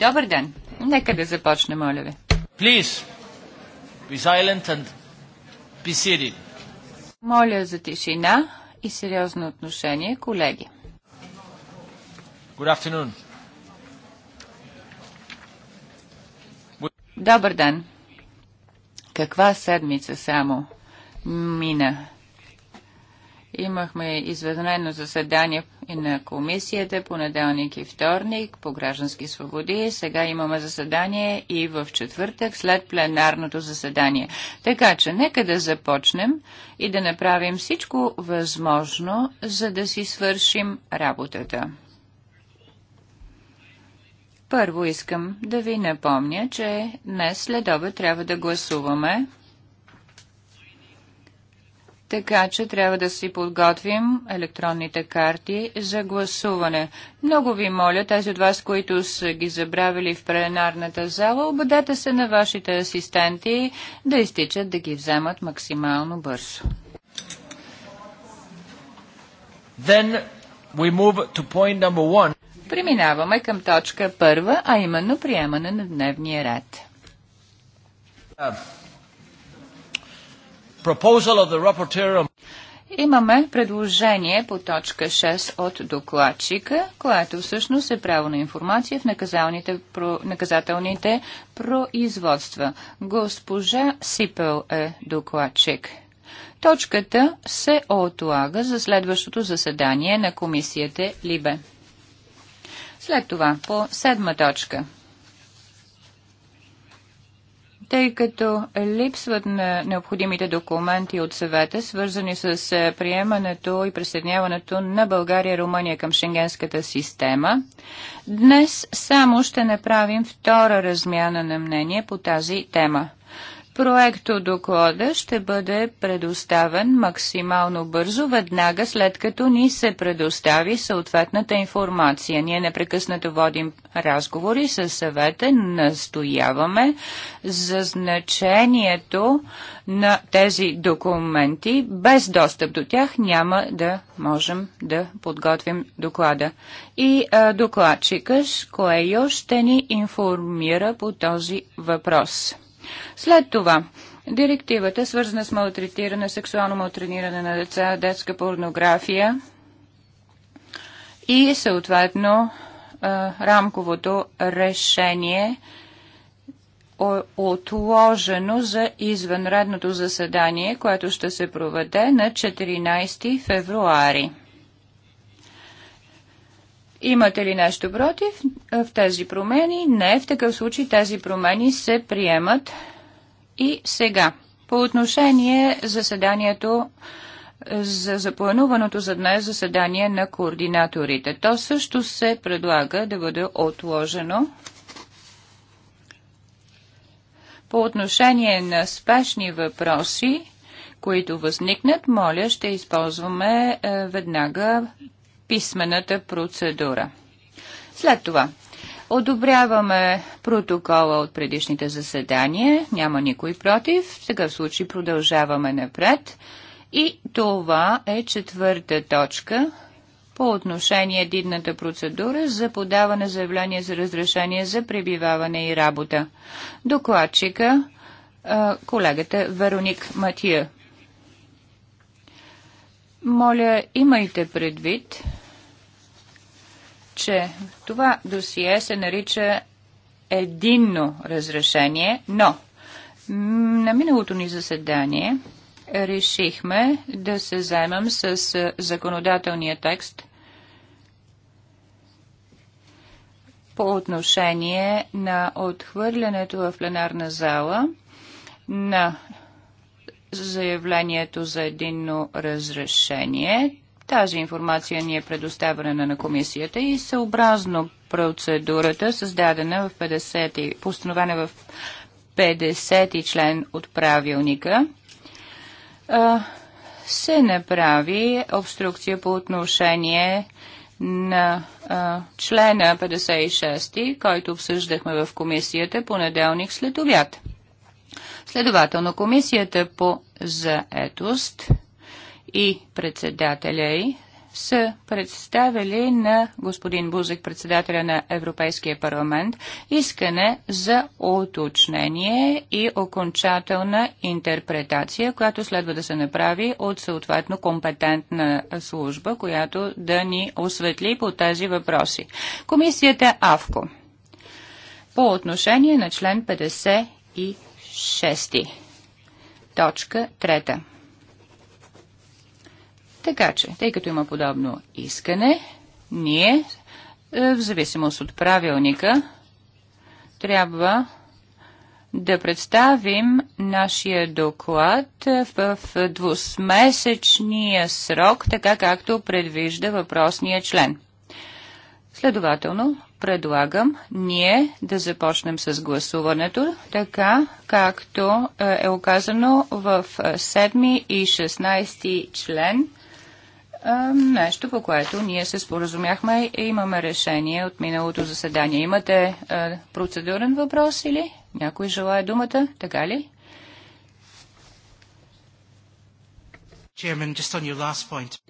Добър ден. Нека да започне, моля ви. Please, be silent and be seated. Моля за тишина и сериозно отношение, колеги. Good afternoon. Добър ден. Каква седмица само мина? Имахме изведнено заседание и на комисията понеделник и вторник по граждански свободи. Сега имаме заседание и в четвъртък след пленарното заседание. Така че нека да започнем и да направим всичко възможно, за да си свършим работата. Първо искам да ви напомня, че днес след трябва да гласуваме така че трябва да си подготвим електронните карти за гласуване. Много ви моля, тези от вас, които са ги забравили в пленарната зала, обадете се на вашите асистенти да изтичат да ги вземат максимално бързо. Then we move to point number one. Преминаваме към точка първа, а именно приемане на дневния ред. Uh. Имаме предложение по точка 6 от докладчика, което всъщност е право на информация в наказателните производства. Госпожа Сипел е докладчик. Точката се отлага за следващото заседание на комисията Либе. След това по седма точка – тъй като липсват на необходимите документи от съвета, свързани с е, приемането и присъединяването на България и Румъния към шенгенската система. Днес само ще направим втора размяна на мнение по тази тема. Проекто доклада ще бъде предоставен максимално бързо, веднага след като ни се предостави съответната информация. Ние непрекъснато водим разговори с съвета, настояваме за значението на тези документи. Без достъп до тях няма да можем да подготвим доклада. И а, докладчикът Коейо ще ни информира по този въпрос. След това, директивата, свързана с малтретиране, сексуално малтрениране на деца, детска порнография и съответно рамковото решение отложено за извънредното заседание, което ще се проведе на 14 февруари. Имате ли нещо против в тези промени? Не, в такъв случай тези промени се приемат и сега. По отношение заседанието за заплануваното за днес заседание на координаторите. То също се предлага да бъде отложено по отношение на спешни въпроси, които възникнат, моля, ще използваме веднага писмената процедура. След това Одобряваме протокола от предишните заседания. Няма никой против. В такъв случай продължаваме напред. И това е четвърта точка по отношение дидната процедура за подаване заявление за разрешение за пребиваване и работа. Докладчика колегата Вероник Матия. Моля, имайте предвид, че това досие се нарича единно разрешение, но на миналото ни заседание решихме да се займем с законодателния текст по отношение на отхвърлянето в пленарна зала на заявлението за единно разрешение. Тази информация ни е предоставена на комисията и съобразно процедурата, създадена в 50, постановена в 50 член от правилника, се направи обструкция по отношение на члена 56, който обсъждахме в комисията понеделник след обяд. Следователно, комисията по заетост и председателя й са представили на господин Бузек, председателя на Европейския парламент, искане за уточнение и окончателна интерпретация, която следва да се направи от съответно компетентна служба, която да ни осветли по тези въпроси. Комисията АВКО по отношение на член 56. Точка 3. Така че, тъй като има подобно искане, ние, е, в зависимост от правилника, трябва да представим нашия доклад е, в двусмесечния срок, така както предвижда въпросния член. Следователно, предлагам ние да започнем с гласуването, така както е, е оказано в 7 и 16 член – нещо, по което ние се споразумяхме и имаме решение от миналото заседание. Имате а, процедурен въпрос или някой желая думата? Така ли?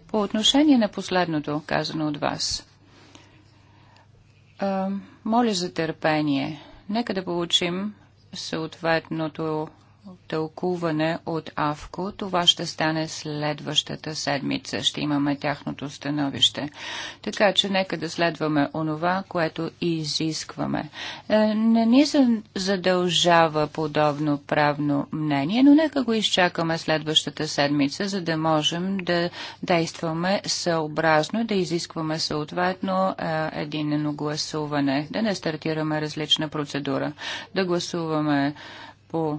По отношение на последното, казано от вас, а, моля за търпение. Нека да получим съответното тълкуване от АВКО. Това ще стане следващата седмица. Ще имаме тяхното становище. Така че нека да следваме онова, което изискваме. Е, не ни задължава подобно правно мнение, но нека го изчакаме следващата седмица, за да можем да действаме съобразно, да изискваме съответно е, единено гласуване, да не стартираме различна процедура, да гласуваме по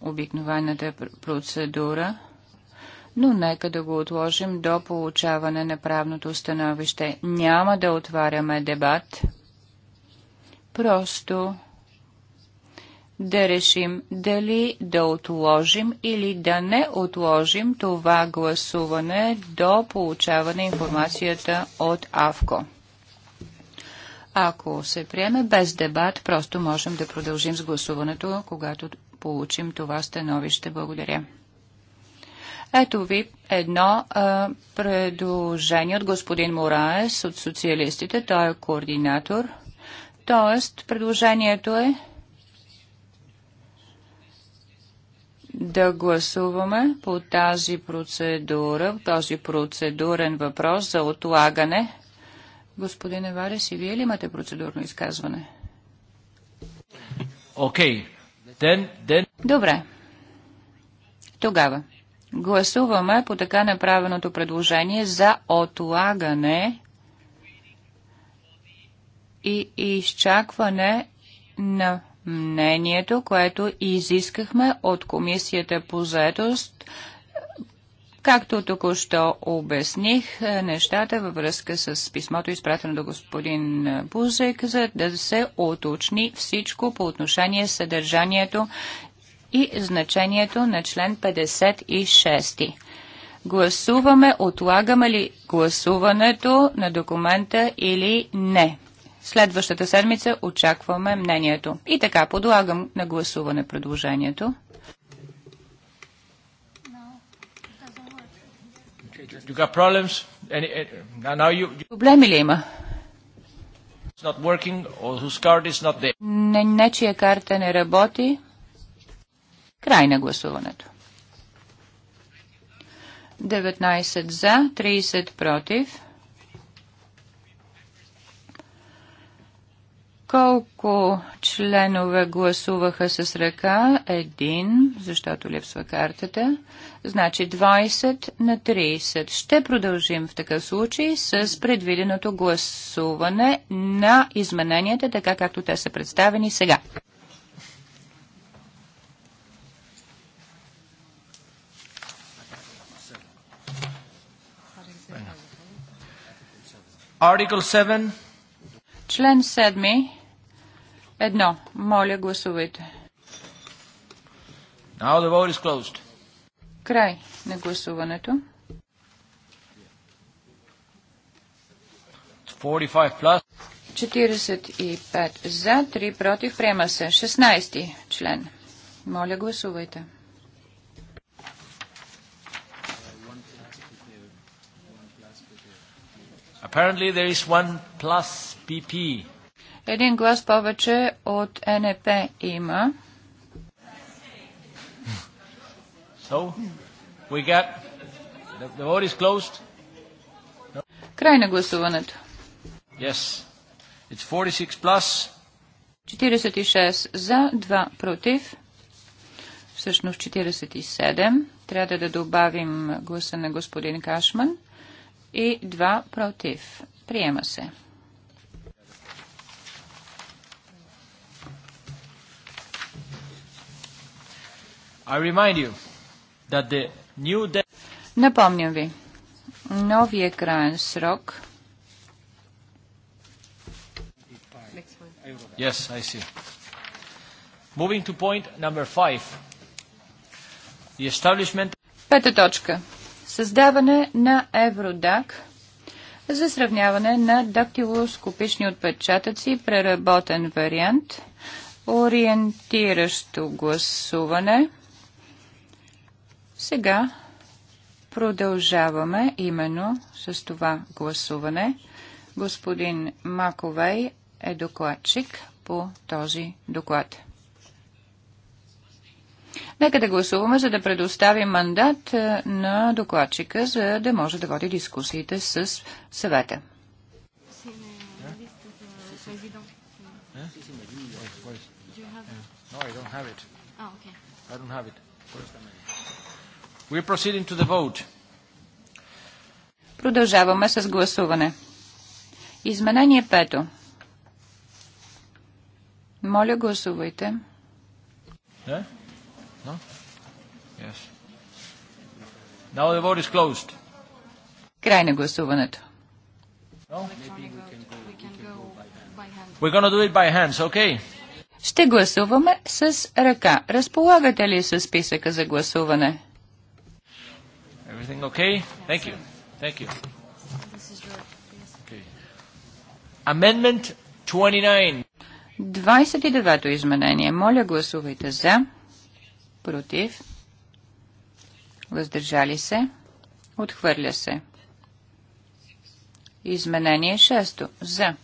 обикновената процедура, но нека да го отложим до получаване на правното становище. Няма да отваряме дебат, просто да решим дали да отложим или да не отложим това гласуване до получаване информацията от АВКО. Ако се приеме без дебат, просто можем да продължим с гласуването, когато получим това становище. Благодаря. Ето ви едно а, предложение от господин Мораес от социалистите. Той е координатор. Тоест, предложението е да гласуваме по тази процедура, този процедурен въпрос за отлагане Господин Еварес, и вие ли имате процедурно изказване? Окей. Okay. Добре. Тогава гласуваме по така направеното предложение за отлагане и изчакване на мнението, което изискахме от Комисията по заедост Както току-що обясних е, нещата във връзка с писмото, изпратено до господин Бузек, за да се уточни всичко по отношение съдържанието и значението на член 56. Гласуваме, отлагаме ли гласуването на документа или не. Следващата седмица очакваме мнението. И така, подлагам на гласуване предложението. You got problems? Any, uh, now you, you... Проблеми ли има? It's not working, or whose card is not there. Не, нечия карта не работи. Край на гласуването. 19 за, 30 против. Колко членове гласуваха с ръка? Един, защото липсва картата. Значи 20 на 30. Ще продължим в такъв случай с предвиденото гласуване на измененията, така както те са представени сега. Article 7. Член 7 Едно. Моля, гласувайте. Now the vote is closed. Край на гласуването. 45 plus. 45 за, 3 против. Приема се. 16 член. Моля, гласувайте. Apparently there is one plus PP. Един глас повече от НП има. So, we got... The, the vote is closed. No. Край на гласуването. Yes. It's 46 plus. 46 за, 2 против. Всъщност 47. Трябва да добавим гласа на господин Кашман. И 2 против. Приема се. Напомням ви, новия краен срок Yes, I see. Moving to point number five. The establishment... Пета точка. Създаване на Евродак за сравняване на дактилоскопични отпечатъци, преработен вариант, ориентиращо гласуване – сега продължаваме именно с това гласуване. Господин Маковей е докладчик по този доклад. Нека да гласуваме, за да предоставим мандат е, на докладчика, за да може да води дискусиите с съвета. No, I don't have it. Oh, okay. I don't have it. Where's the Продължаваме с гласуване. Изменение пето. Моля, гласувайте. Край на гласуването. Ще гласуваме с ръка. Разполагате ли с списъка за гласуване? Everything okay? Thank you. Thank you. Okay. Amendment 29. 29-то изменение. Моля, гласувайте за, против, въздържали се, отхвърля се. Изменение 6. то За.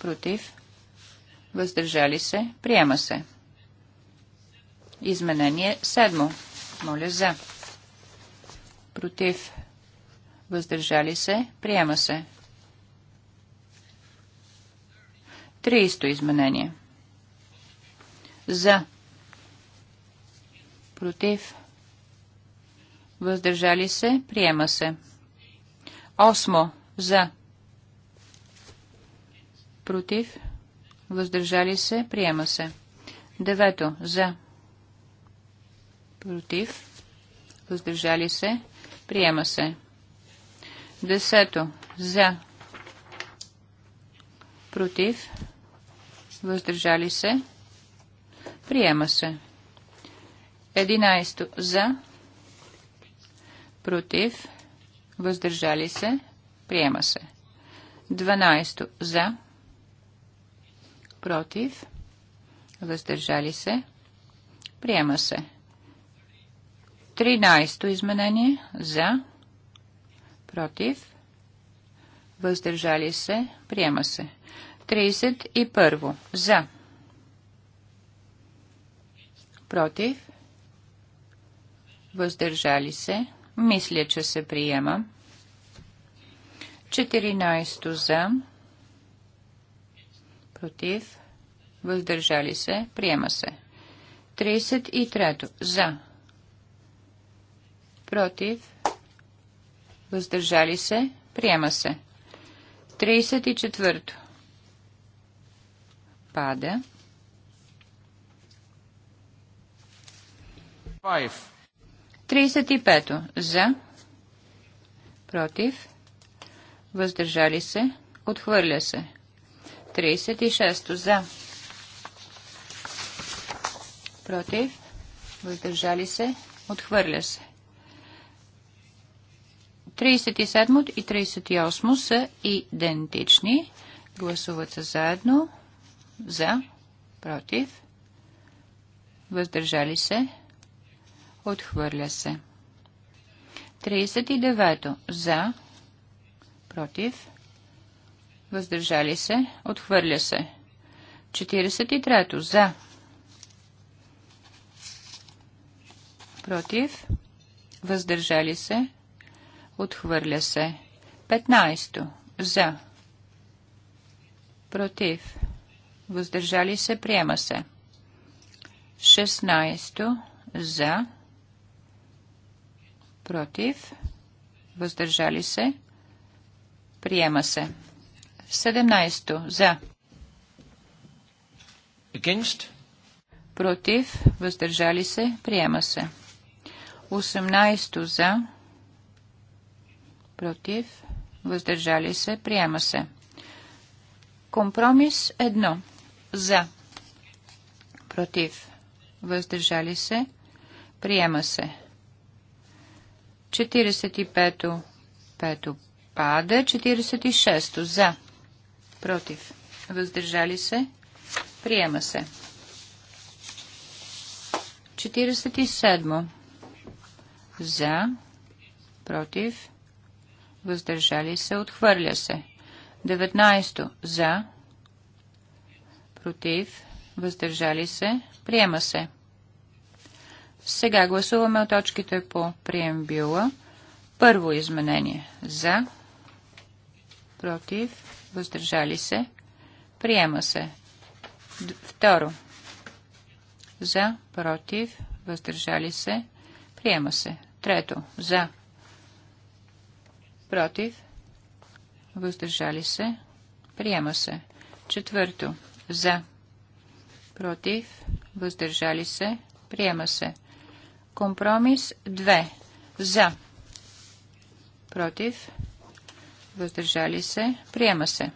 Против. Въздържали се. Приема се. Изменение 7. Моля за против, въздържали се, приема се. 30 изменение. За, против, въздържали се, приема се. Осмо, за, против, въздържали се, приема се. Девето, за, против, въздържали се, Приема се. Десето. За. Против. Въздържали се. Приема се. Единайсто. За. Против. Въздържали се. Приема се. Дванайсто. За. Против. Въздържали се. Приема се. 13-то изменение за, против, въздържали се, приема се. 31 за, против, въздържали се, мисля, че се приема. 14 за, против, въздържали се, приема се. 33 за, против, въздържали се, приема се. 34. Пада. 5. 35. За. Против. Въздържали се. Отхвърля се. 36. За. Против. Въздържали се. Отхвърля се. 37 и 38 са идентични. Гласуват се заедно. За. Против. Въздържали се. Отхвърля се. 39. За. Против. Въздържали се. Отхвърля се. 43. За. Против. Въздържали се. Отхвърля се. 15. За. Против. Въздържали се. Приема се. 16. За. Против. Въздържали се. Приема се. 17. За. Against. Против. Въздържали се. Приема се. 18. За против, въздържали се, приема се. Компромис 1. За. Против. Въздържали се. Приема се. 45-то. Пето пада. 46-то. За. Против. Въздържали се. Приема се. 47 За. Против въздържали се, отхвърля се. 19 за, против, въздържали се, приема се. Сега гласуваме от точките по приембюла. Първо изменение за, против, въздържали се, приема се. Второ за, против, въздържали се, приема се. Трето за, против, въздържали се, приема се. Четвърто, за, против, въздържали се, приема се. Компромис 2, за, против, въздържали се, приема се.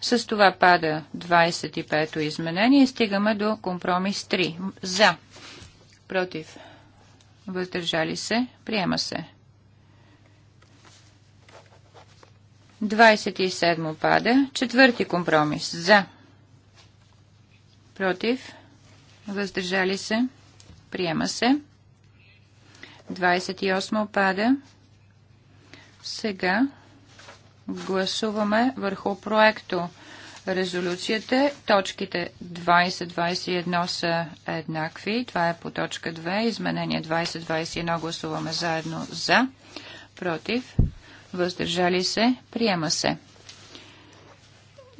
С това пада 25-то изменение и стигаме до компромис 3. За против, въздържали се, приема се. 27 пада, четвърти компромис, за, против, въздържали се, приема се. 28 пада. Сега гласуваме върху проекто резолюцията. Точките 20-21 са еднакви. Това е по точка 2. Изменение 20-21 гласуваме заедно за, против, въздържали се, приема се.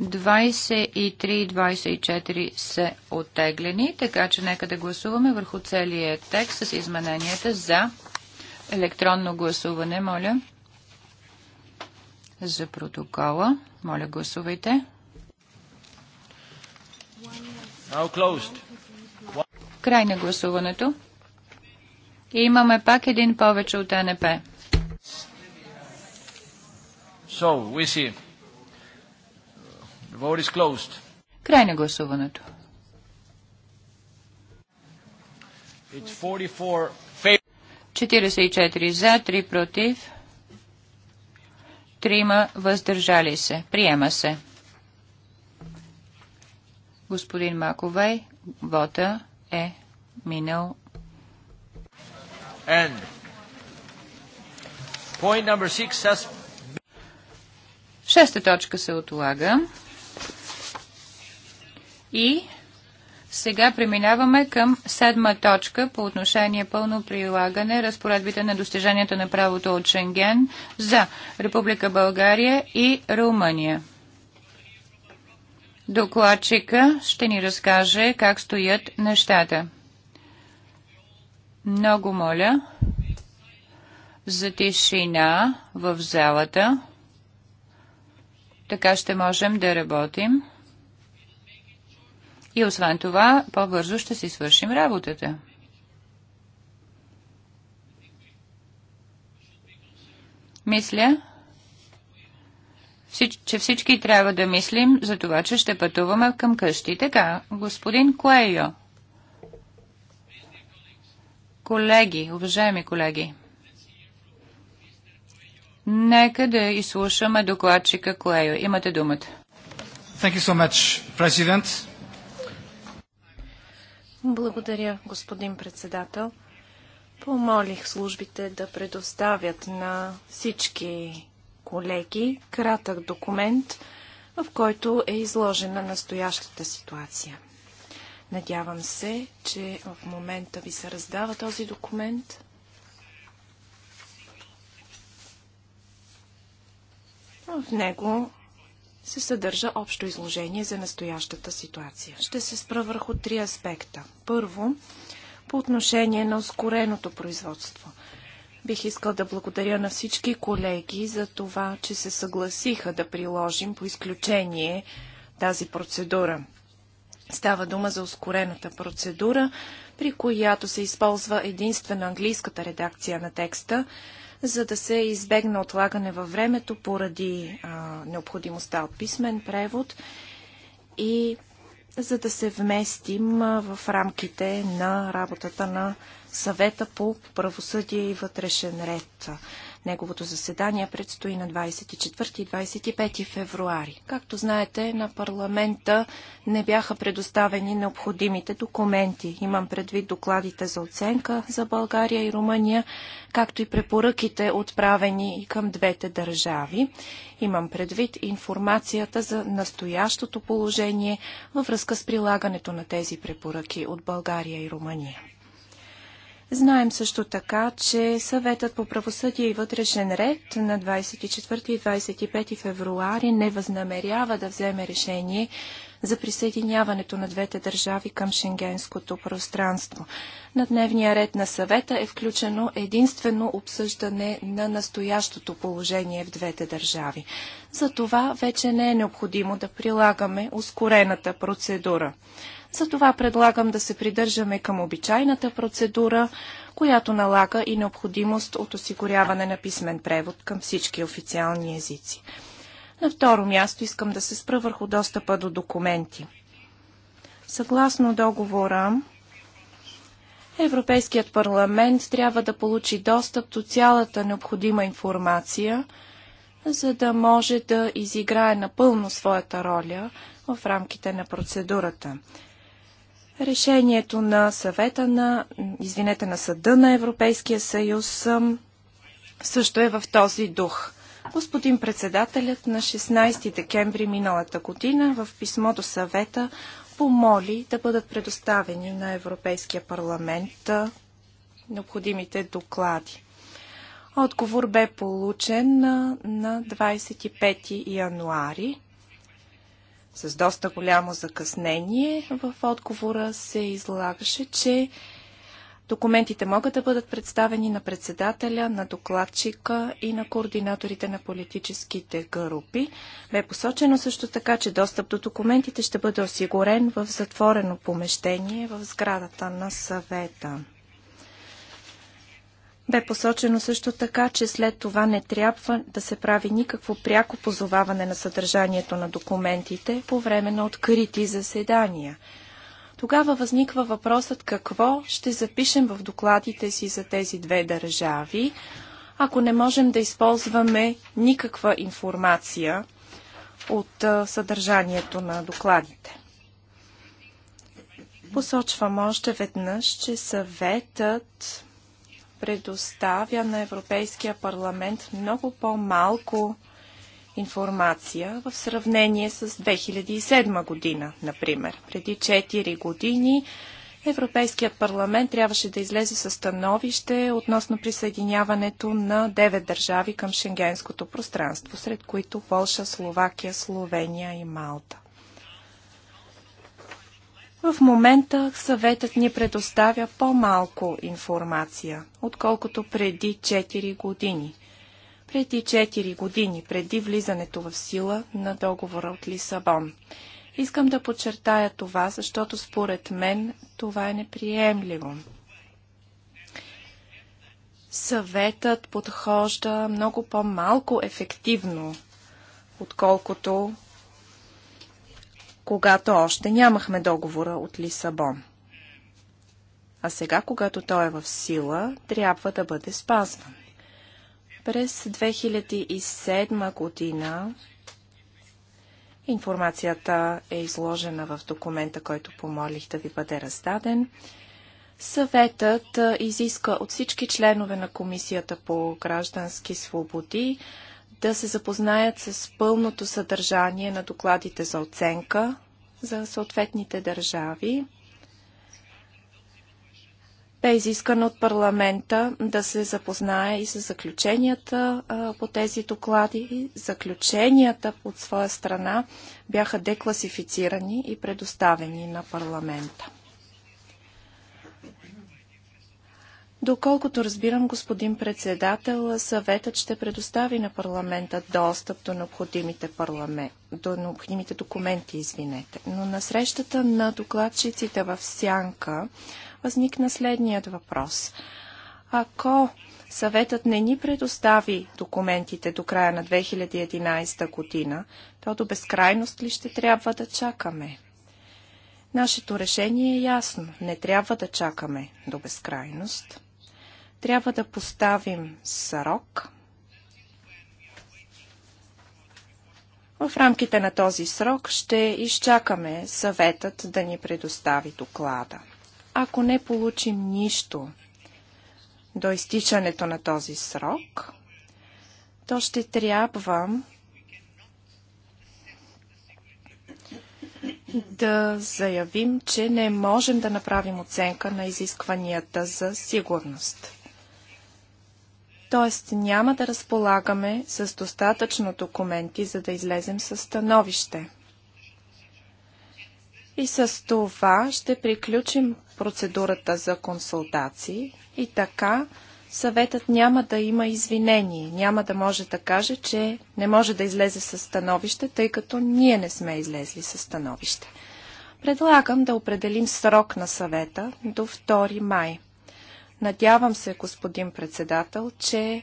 23 и 24 са отеглени. така че нека да гласуваме върху целия текст с измененията за електронно гласуване, моля. За протокола, моля гласувайте. Край на гласуването. И имаме пак един повече от НП. So, Край на гласуването. 44... 44 за, 3 против, 3 въздържали се. Приема се. Господин Маковей, вота е минал. And point number six has... Шеста точка се отлага. И сега преминаваме към седма точка по отношение пълно прилагане разпоредбите на достиженията на правото от Шенген за Република България и Румъния. Докладчика ще ни разкаже как стоят нещата. Много моля за тишина в залата. Така ще можем да работим. И освен това, по-бързо ще си свършим работата. Мисля, че всички трябва да мислим за това, че ще пътуваме към къщи. Така, господин Куейо. Колеги, уважаеми колеги, нека да изслушаме докладчика Куейо. Имате думата. Thank you so much, President. Благодаря, господин председател. Помолих службите да предоставят на всички колеги, кратък документ, в който е изложена настоящата ситуация. Надявам се, че в момента ви се раздава този документ. В него се съдържа общо изложение за настоящата ситуация. Ще се спра върху три аспекта. Първо, по отношение на ускореното производство – Бих искал да благодаря на всички колеги за това, че се съгласиха да приложим по изключение тази процедура. Става дума за ускорената процедура, при която се използва единствено английската редакция на текста, за да се избегне отлагане във времето поради а, необходимостта от писмен превод и за да се вместим в рамките на работата на съвета по правосъдие и вътрешен ред. Неговото заседание предстои на 24 и 25 февруари. Както знаете, на парламента не бяха предоставени необходимите документи. Имам предвид докладите за оценка за България и Румъния, както и препоръките отправени и към двете държави. Имам предвид информацията за настоящото положение във връзка с прилагането на тези препоръки от България и Румъния. Знаем също така, че съветът по правосъдие и вътрешен ред на 24 и 25 февруари не възнамерява да вземе решение за присъединяването на двете държави към шенгенското пространство. На дневния ред на съвета е включено единствено обсъждане на настоящото положение в двете държави. За това вече не е необходимо да прилагаме ускорената процедура. Затова предлагам да се придържаме към обичайната процедура, която налага и необходимост от осигуряване на писмен превод към всички официални езици. На второ място искам да се спра върху достъпа до документи. Съгласно договора, Европейският парламент трябва да получи достъп до цялата необходима информация, за да може да изиграе напълно своята роля в рамките на процедурата. Решението на съвета на, извинете, на съда на Европейския съюз също е в този дух. Господин председателят на 16 декември миналата година в писмо до съвета помоли да бъдат предоставени на Европейския парламент необходимите доклади. Отговор бе получен на 25 януари с доста голямо закъснение в отговора се излагаше, че документите могат да бъдат представени на председателя, на докладчика и на координаторите на политическите групи. Бе посочено също така, че достъп до документите ще бъде осигурен в затворено помещение в сградата на съвета. Бе посочено също така, че след това не трябва да се прави никакво пряко позоваване на съдържанието на документите по време на открити заседания. Тогава възниква въпросът какво ще запишем в докладите си за тези две държави, ако не можем да използваме никаква информация от съдържанието на докладите. Посочвам още веднъж, че съветът предоставя на Европейския парламент много по-малко информация в сравнение с 2007 година, например. Преди 4 години Европейският парламент трябваше да излезе със становище относно присъединяването на 9 държави към шенгенското пространство, сред които Полша, Словакия, Словения и Малта. В момента съветът ни предоставя по-малко информация, отколкото преди 4 години. Преди 4 години, преди влизането в сила на договора от Лисабон. Искам да подчертая това, защото според мен това е неприемливо. Съветът подхожда много по-малко ефективно, отколкото когато още нямахме договора от Лисабон. А сега, когато той е в сила, трябва да бъде спазван. През 2007 година информацията е изложена в документа, който помолих да ви бъде раздаден. Съветът изиска от всички членове на Комисията по граждански свободи да се запознаят с пълното съдържание на докладите за оценка за съответните държави. Бе изискано от парламента да се запознае и с заключенията по тези доклади. Заключенията от своя страна бяха декласифицирани и предоставени на парламента. Доколкото разбирам, господин председател, съветът ще предостави на парламента достъп до необходимите, парламент, до необходимите документи, извинете. Но на срещата на докладчиците в Сянка възникна следният въпрос. Ако съветът не ни предостави документите до края на 2011 година, то до безкрайност ли ще трябва да чакаме? Нашето решение е ясно. Не трябва да чакаме до безкрайност. Трябва да поставим срок. В рамките на този срок ще изчакаме съветът да ни предостави доклада. Ако не получим нищо до изтичането на този срок, то ще трябва да заявим, че не можем да направим оценка на изискванията за сигурност. Тоест няма да разполагаме с достатъчно документи, за да излезем със становище. И с това ще приключим процедурата за консултации и така съветът няма да има извинение, няма да може да каже, че не може да излезе със становище, тъй като ние не сме излезли със становище. Предлагам да определим срок на съвета до 2 май. Надявам се, господин председател, че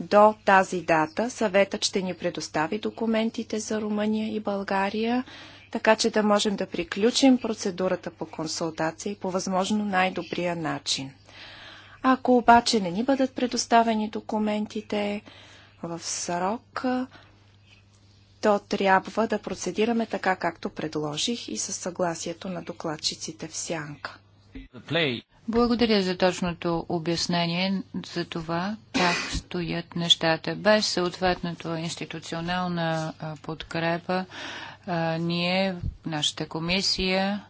до тази дата съветът ще ни предостави документите за Румъния и България, така че да можем да приключим процедурата по консултации по възможно най-добрия начин. Ако обаче не ни бъдат предоставени документите в срок, то трябва да процедираме така, както предложих и със съгласието на докладчиците в сянка. Благодаря за точното обяснение за това как стоят нещата. Без съответното институционална подкрепа ние, нашата комисия,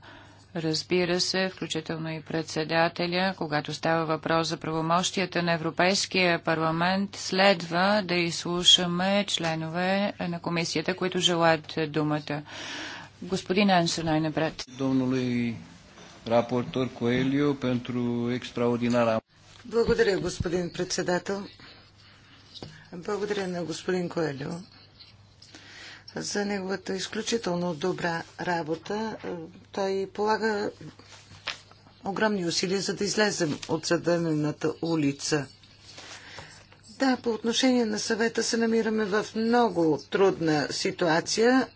Разбира се, включително и председателя, когато става въпрос за правомощията на Европейския парламент, следва да изслушаме членове на комисията, които желаят думата. Господин Ансо, най-напред raportor Coelho pentru extraordinara. Благодаря, господин председател. Благодаря на господин Коелю за неговата изключително добра работа. Той полага огромни усилия, за да излезем от задънената улица. Да, по отношение на съвета се намираме в много трудна ситуация.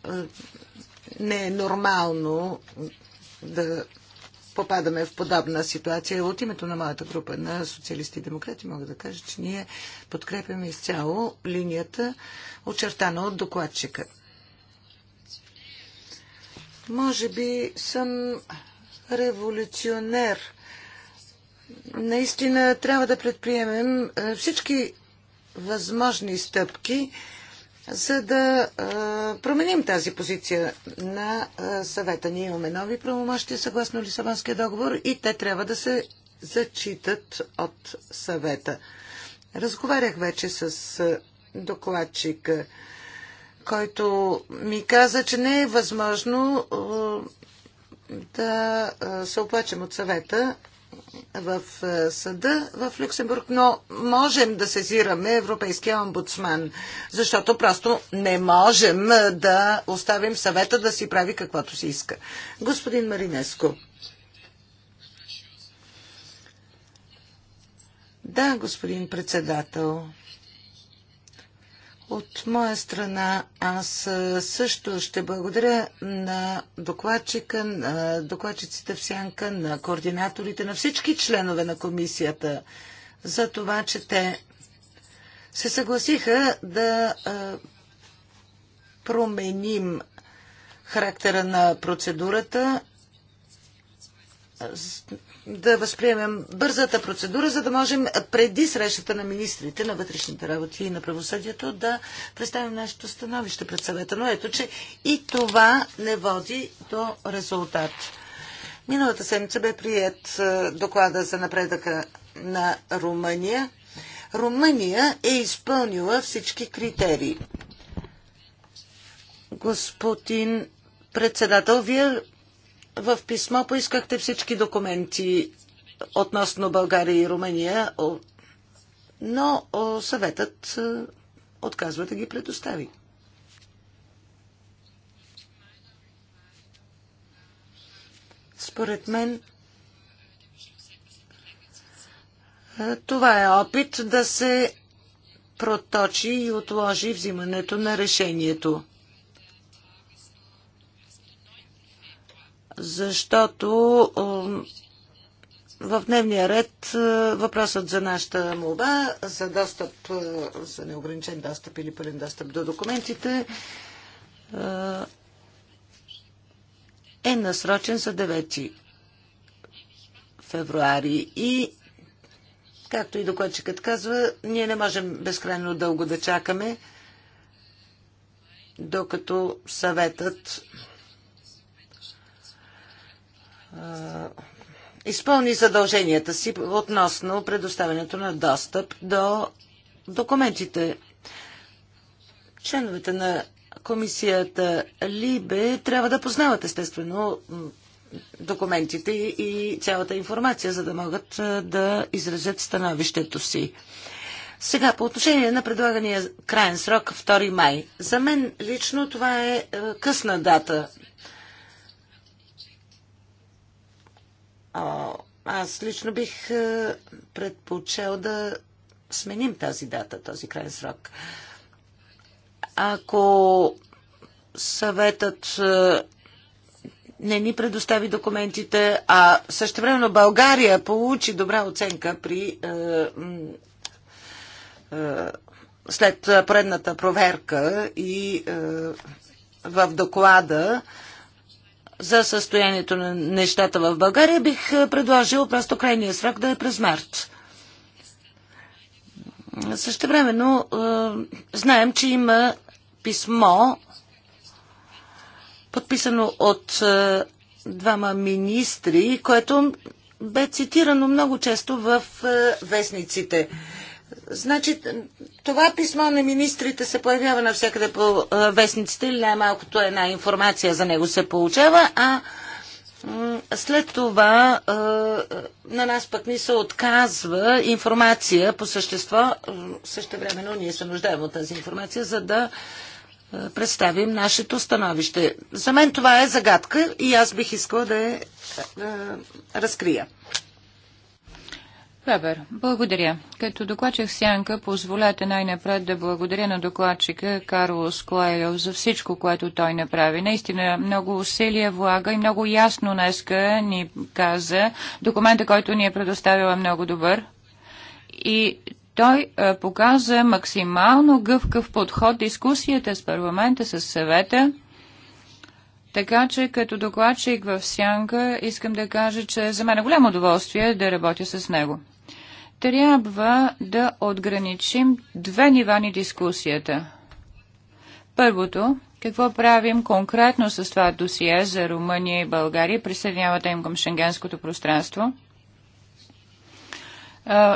Не е нормално да попадаме в подобна ситуация. От името на моята група на социалисти и демократи мога да кажа, че ние подкрепяме изцяло линията, очертана от докладчика. Може би съм революционер. Наистина трябва да предприемем е, всички възможни стъпки, за да а, променим тази позиция на а, съвета. Ние имаме нови правомощи съгласно Лисабонския договор и те трябва да се зачитат от съвета. Разговарях вече с докладчика, който ми каза, че не е възможно а, да се оплачем от съвета в е, съда в Люксембург, но можем да сезираме Европейския омбудсман, защото просто не можем е, да оставим съвета да си прави каквото си иска. Господин Маринеско. Да, господин председател. От моя страна аз също ще благодаря на докладчика, на докладчиците в сянка, на координаторите, на всички членове на комисията за това, че те се съгласиха да променим характера на процедурата да възприемем бързата процедура, за да можем преди срещата на министрите на вътрешните работи и на правосъдието да представим нашето становище пред съвета. Но ето, че и това не води до резултат. Миналата седмица бе прият е, доклада за напредъка на Румъния. Румъния е изпълнила всички критерии. Господин председател, вие в писмо поискахте всички документи относно България и Румъния, но съветът е, отказва да ги предостави. Според мен е, това е опит да се проточи и отложи взимането на решението. защото в дневния ред въпросът за нашата молба за достъп, за неограничен достъп или пълен достъп до документите е насрочен за 9 февруари. И, както и докладчикът казва, ние не можем безкрайно дълго да чакаме, докато съветът изпълни задълженията си относно предоставянето на достъп до документите. Членовете на комисията Либе трябва да познават естествено документите и цялата информация, за да могат да изразят становището си. Сега, по отношение на предлагания крайен срок 2 май. За мен лично това е, е късна дата А, аз лично бих е, предпочел да сменим тази дата, този крайен срок. Ако съветът е, не ни предостави документите, а същевременно България получи добра оценка при е, след поредната проверка и е, в доклада, е, за състоянието на нещата в България, бих е, предложил просто крайния срок да е през март. Също времено е, знаем, че има писмо, подписано от е, двама министри, което бе цитирано много често в вестниците. Значи, това писмо на министрите се появява навсякъде по вестниците или най-малкото една информация за него се получава, а след това на нас пък ни се отказва информация по същество. Също времено ние се нуждаем от тази информация, за да представим нашето становище. За мен това е загадка и аз бих искала да я разкрия. Вебер, благодаря. Като докладчик Сянка, позволете най-напред да благодаря на докладчика Карлос Коелев за всичко, което той направи. Наистина много усилия влага и много ясно днеска ни каза. Документа, който ни е предоставил е много добър. И той е, показа максимално гъвкав подход дискусията с парламента, с съвета. Така че като докладчик в Сянка искам да кажа, че за мен е голямо удоволствие да работя с него трябва да отграничим две нива на дискусията. Първото, какво правим конкретно с това досие за Румъния и България, присъединявате им към шенгенското пространство?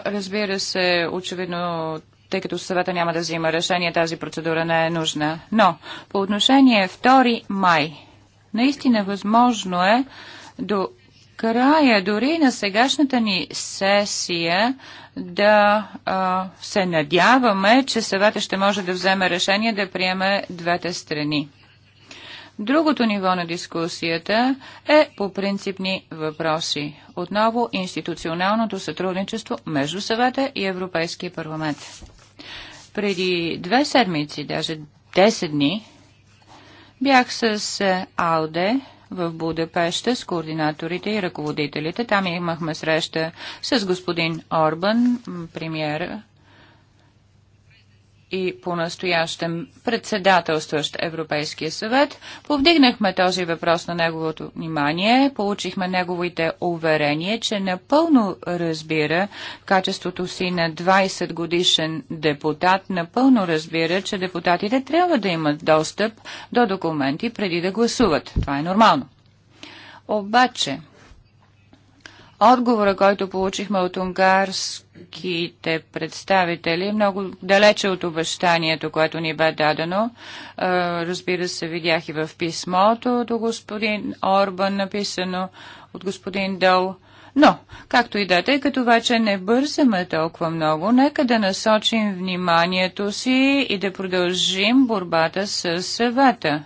Разбира се, очевидно, тъй като съвета няма да взима решение, тази процедура не е нужна. Но по отношение 2 май, наистина възможно е до края дори на сегашната ни сесия да а, се надяваме, че съвета ще може да вземе решение да приеме двете страни. Другото ниво на дискусията е по принципни въпроси. Отново институционалното сътрудничество между съвета и Европейския парламент. Преди две седмици, даже 10 дни, бях с Алде, в Будапеща с координаторите и ръководителите. Там имахме среща с господин Орбан, премьера и по-настоящем председателстващ Европейския съвет. Повдигнахме този въпрос на неговото внимание, получихме неговите уверения, че напълно разбира в качеството си на 20 годишен депутат, напълно разбира, че депутатите трябва да имат достъп до документи преди да гласуват. Това е нормално. Обаче, отговора, който получихме от унгарско високите представители, много далече от обещанието, което ни бе дадено. Е, разбира се, видях и в писмото до господин Орбан, написано от господин Дол. Но, както и да, е, тъй като вече не бързаме толкова много, нека да насочим вниманието си и да продължим борбата с съвета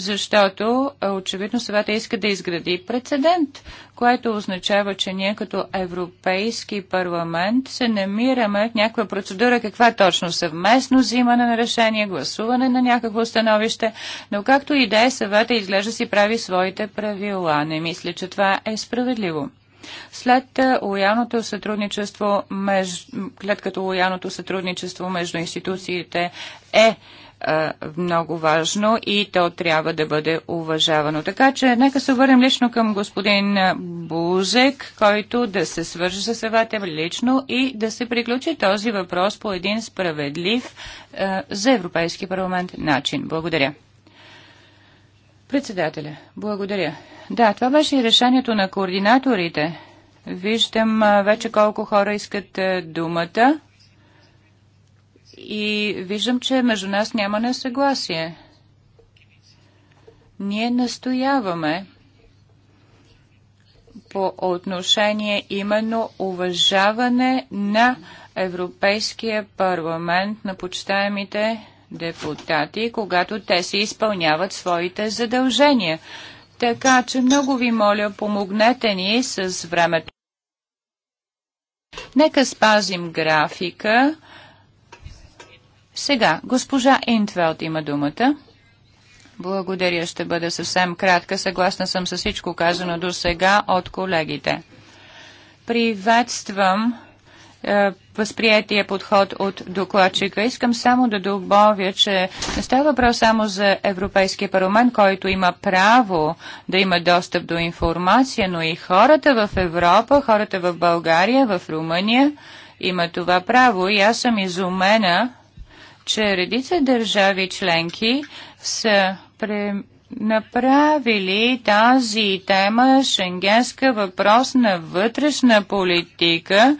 защото е, очевидно съвета иска да изгради прецедент, което означава, че ние като Европейски парламент се намираме в някаква процедура, каква е точно съвместно взимане на решение, гласуване на някакво становище, но както и да е, съвета изглежда си прави своите правила. Не мисля, че това е справедливо. След е, лоялното сътрудничество, меж... след като лоялното сътрудничество между институциите е е, много важно и то трябва да бъде уважавано. Така че нека се върнем лично към господин Бузек, който да се свържи с съвета лично и да се приключи този въпрос по един справедлив е, за Европейски парламент начин. Благодаря. Председателя, благодаря. Да, това беше и решението на координаторите. Виждам е, вече колко хора искат думата и виждам, че между нас няма несъгласие. Ние настояваме по отношение именно уважаване на Европейския парламент на почитаемите депутати, когато те си изпълняват своите задължения. Така че много ви моля, помогнете ни с времето. Нека спазим графика сега, госпожа Интвелт има думата. Благодаря, ще бъда съвсем кратка. Съгласна съм с всичко казано до сега от колегите. Приветствам е, възприятия подход от докладчика. Искам само да добавя, че не става въпрос само за Европейския парламент, който има право да има достъп до информация, но и хората в Европа, хората в България, в Румъния има това право. И аз съм изумена че редица държави членки са пре направили тази тема шенгенска въпрос на вътрешна политика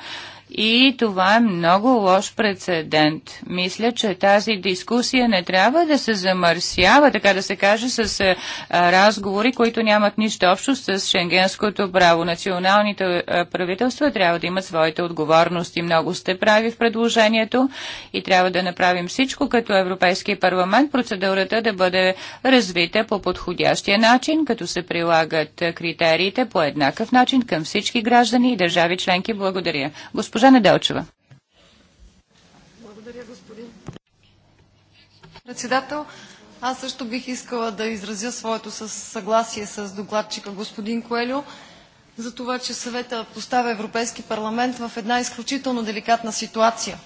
и това е много лош прецедент. Мисля, че тази дискусия не трябва да се замърсява, така да се каже, с а, разговори, които нямат нищо общо с шенгенското право. Националните а, правителства трябва да имат своите отговорности. Много сте прави в предложението и трябва да направим всичко като Европейски парламент. Процедурата да бъде развита по подходящия начин, като се прилагат критериите по еднакъв начин към всички граждани и държави членки. Благодаря. Госпожа Госпожа Неделчева. Благодаря, господин председател. Аз също бих искала да изразя своето съгласие с докладчика господин Коелю за това, че съвета поставя Европейски парламент в една изключително деликатна ситуация.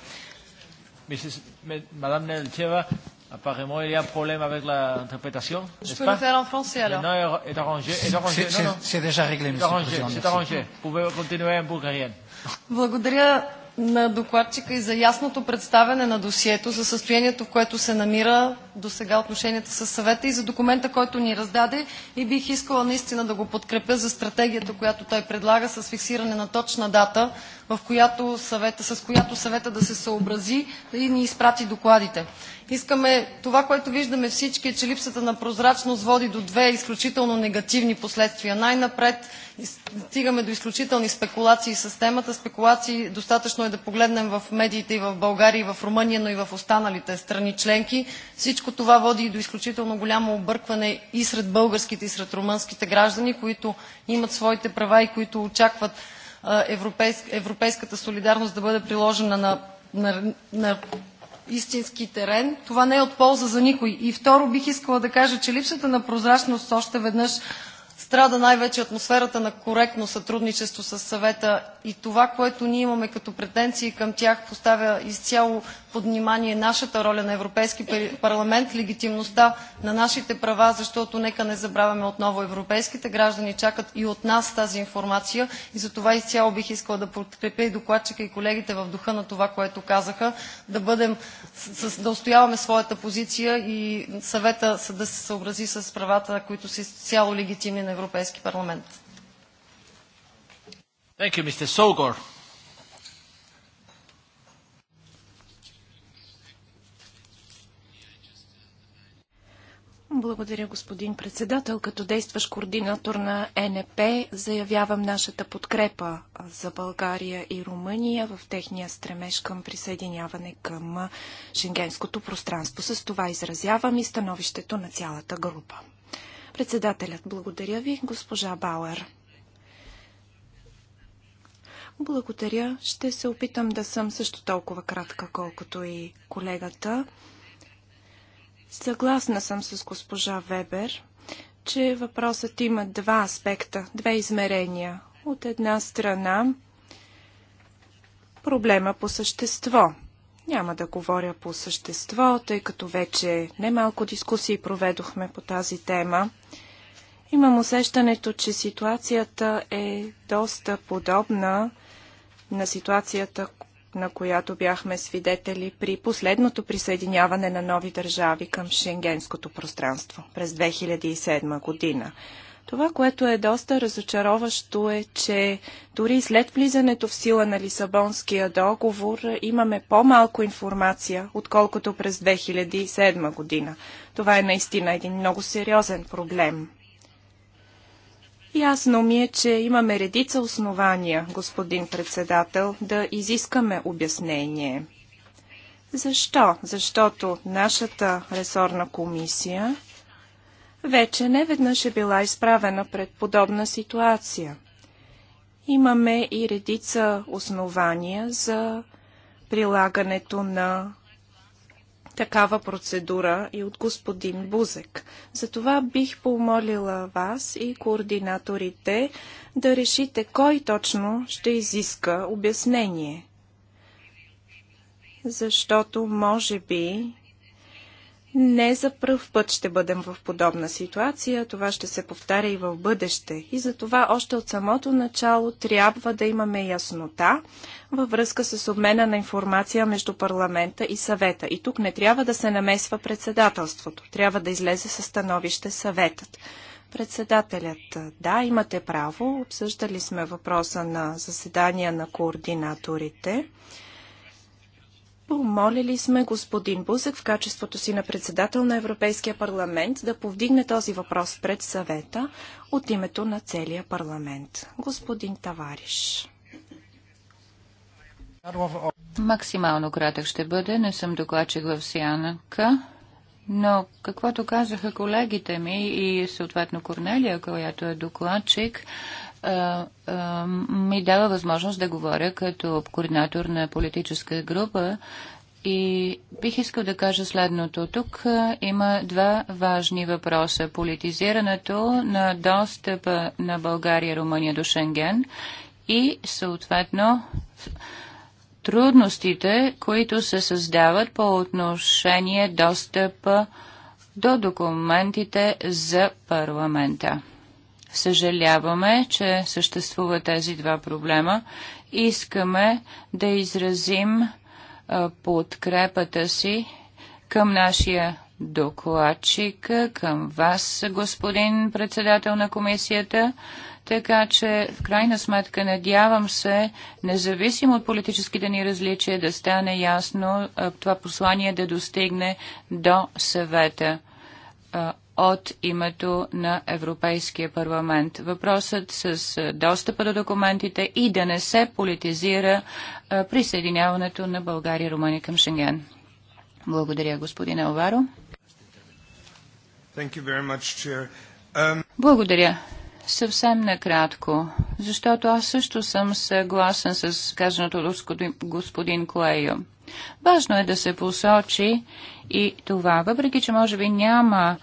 Мадам Нелчева, Apparemment, il y a un problème avec l'interprétation. Je peux pas? le faire en français alors. Non, est arrangé. C'est déjà réglé, monsieur le Président. C'est arrangé. Vous pouvez continuer en bulgarien. Благодаря на докладчика и за ясното представяне на досието, за състоянието, в което се намира досега отношенията със Съвета и за документа, който ни раздаде. и Бих искала наистина да го подкрепя за стратегията, която той предлага, с фиксиране на точна дата, с която Съветът да се съобрази и ни изпрати докладите. Искаме това, което виждаме всички, е, че липсата на прозрачност води до две изключително негативни последствия. Най-напред стигаме до изключителни спекулации с темата. Спекулации достатъчно е да погледнем в медиите и в България, и в Румъния, но и в останалите страни членки. Всичко това води и до изключително голямо объркване и сред българските, и сред румънските граждани, които имат своите права и които очакват европейската солидарност да бъде приложена на, на, на истински терен, това не е от полза за никой. И второ, бих искала да кажа, че липсата на прозрачност още веднъж страда най-вече атмосферата на коректно сътрудничество със Съвета и това, което ние имаме като претенции към тях, поставя изцяло под внимание нашата роля на Европейски парламент, легитимността на нашите права, защото нека не забравяме отново, европейските граждани чакат и от нас тази информация и за това изцяло бих искала да подкрепя и докладчика и колегите в духа на това, което казаха, да бъдем, да устояваме своята позиция и съвета да се съобрази с правата, които са изцяло легитимни на Европейския Европейски парламент. Thank you, Mr. Sogor. Благодаря, господин председател. Като действащ координатор на НП, заявявам нашата подкрепа за България и Румъния в техния стремеж към присъединяване към шенгенското пространство. С това изразявам и становището на цялата група. Председателят, благодаря ви, госпожа Бауер. Благодаря. Ще се опитам да съм също толкова кратка, колкото и колегата. Съгласна съм с госпожа Вебер, че въпросът има два аспекта, две измерения. От една страна проблема по същество. Няма да говоря по същество, тъй като вече немалко дискусии проведохме по тази тема. Имам усещането, че ситуацията е доста подобна на ситуацията, на която бяхме свидетели при последното присъединяване на нови държави към шенгенското пространство през 2007 година. Това, което е доста разочароващо е, че дори след влизането в сила на Лисабонския договор имаме по-малко информация, отколкото през 2007 година. Това е наистина един много сериозен проблем. Ясно ми е, че имаме редица основания, господин председател, да изискаме обяснение. Защо? Защото нашата ресорна комисия вече не веднъж е била изправена пред подобна ситуация. Имаме и редица основания за прилагането на такава процедура и от господин Бузек. Затова бих помолила вас и координаторите да решите кой точно ще изиска обяснение. Защото, може би, не за пръв път ще бъдем в подобна ситуация, това ще се повтаря и в бъдеще. И за това още от самото начало трябва да имаме яснота във връзка с обмена на информация между парламента и съвета. И тук не трябва да се намесва председателството, трябва да излезе със становище съветът. Председателят, да, имате право, обсъждали сме въпроса на заседания на координаторите. Помолили сме господин Бузък в качеството си на председател на Европейския парламент да повдигне този въпрос пред съвета от името на целия парламент. Господин Тавариш. Максимално кратък ще бъде. Не съм докладчик в Сянка. Но каквото казаха колегите ми и съответно Корнелия, която е докладчик, ми дава възможност да говоря като координатор на политическа група и бих искал да кажа следното. Тук има два важни въпроса. Политизирането на достъпа на България и Румъния до Шенген и съответно трудностите, които се създават по отношение достъпа до документите за парламента. Съжаляваме, че съществуват тези два проблема. Искаме да изразим подкрепата си към нашия докладчик, към вас, господин председател на комисията. Така че, в крайна сметка, надявам се, независимо от политическите ни различия, да стане ясно това послание да достигне до съвета от името на Европейския парламент. Въпросът с достъпа до документите и да не се политизира присъединяването на България и Румъния към Шенген. Благодаря, господин Алваро. Благодаря. Съвсем накратко, защото аз също съм съгласен с казаното от господин Клейо. Важно е да се посочи и това, въпреки че може би няма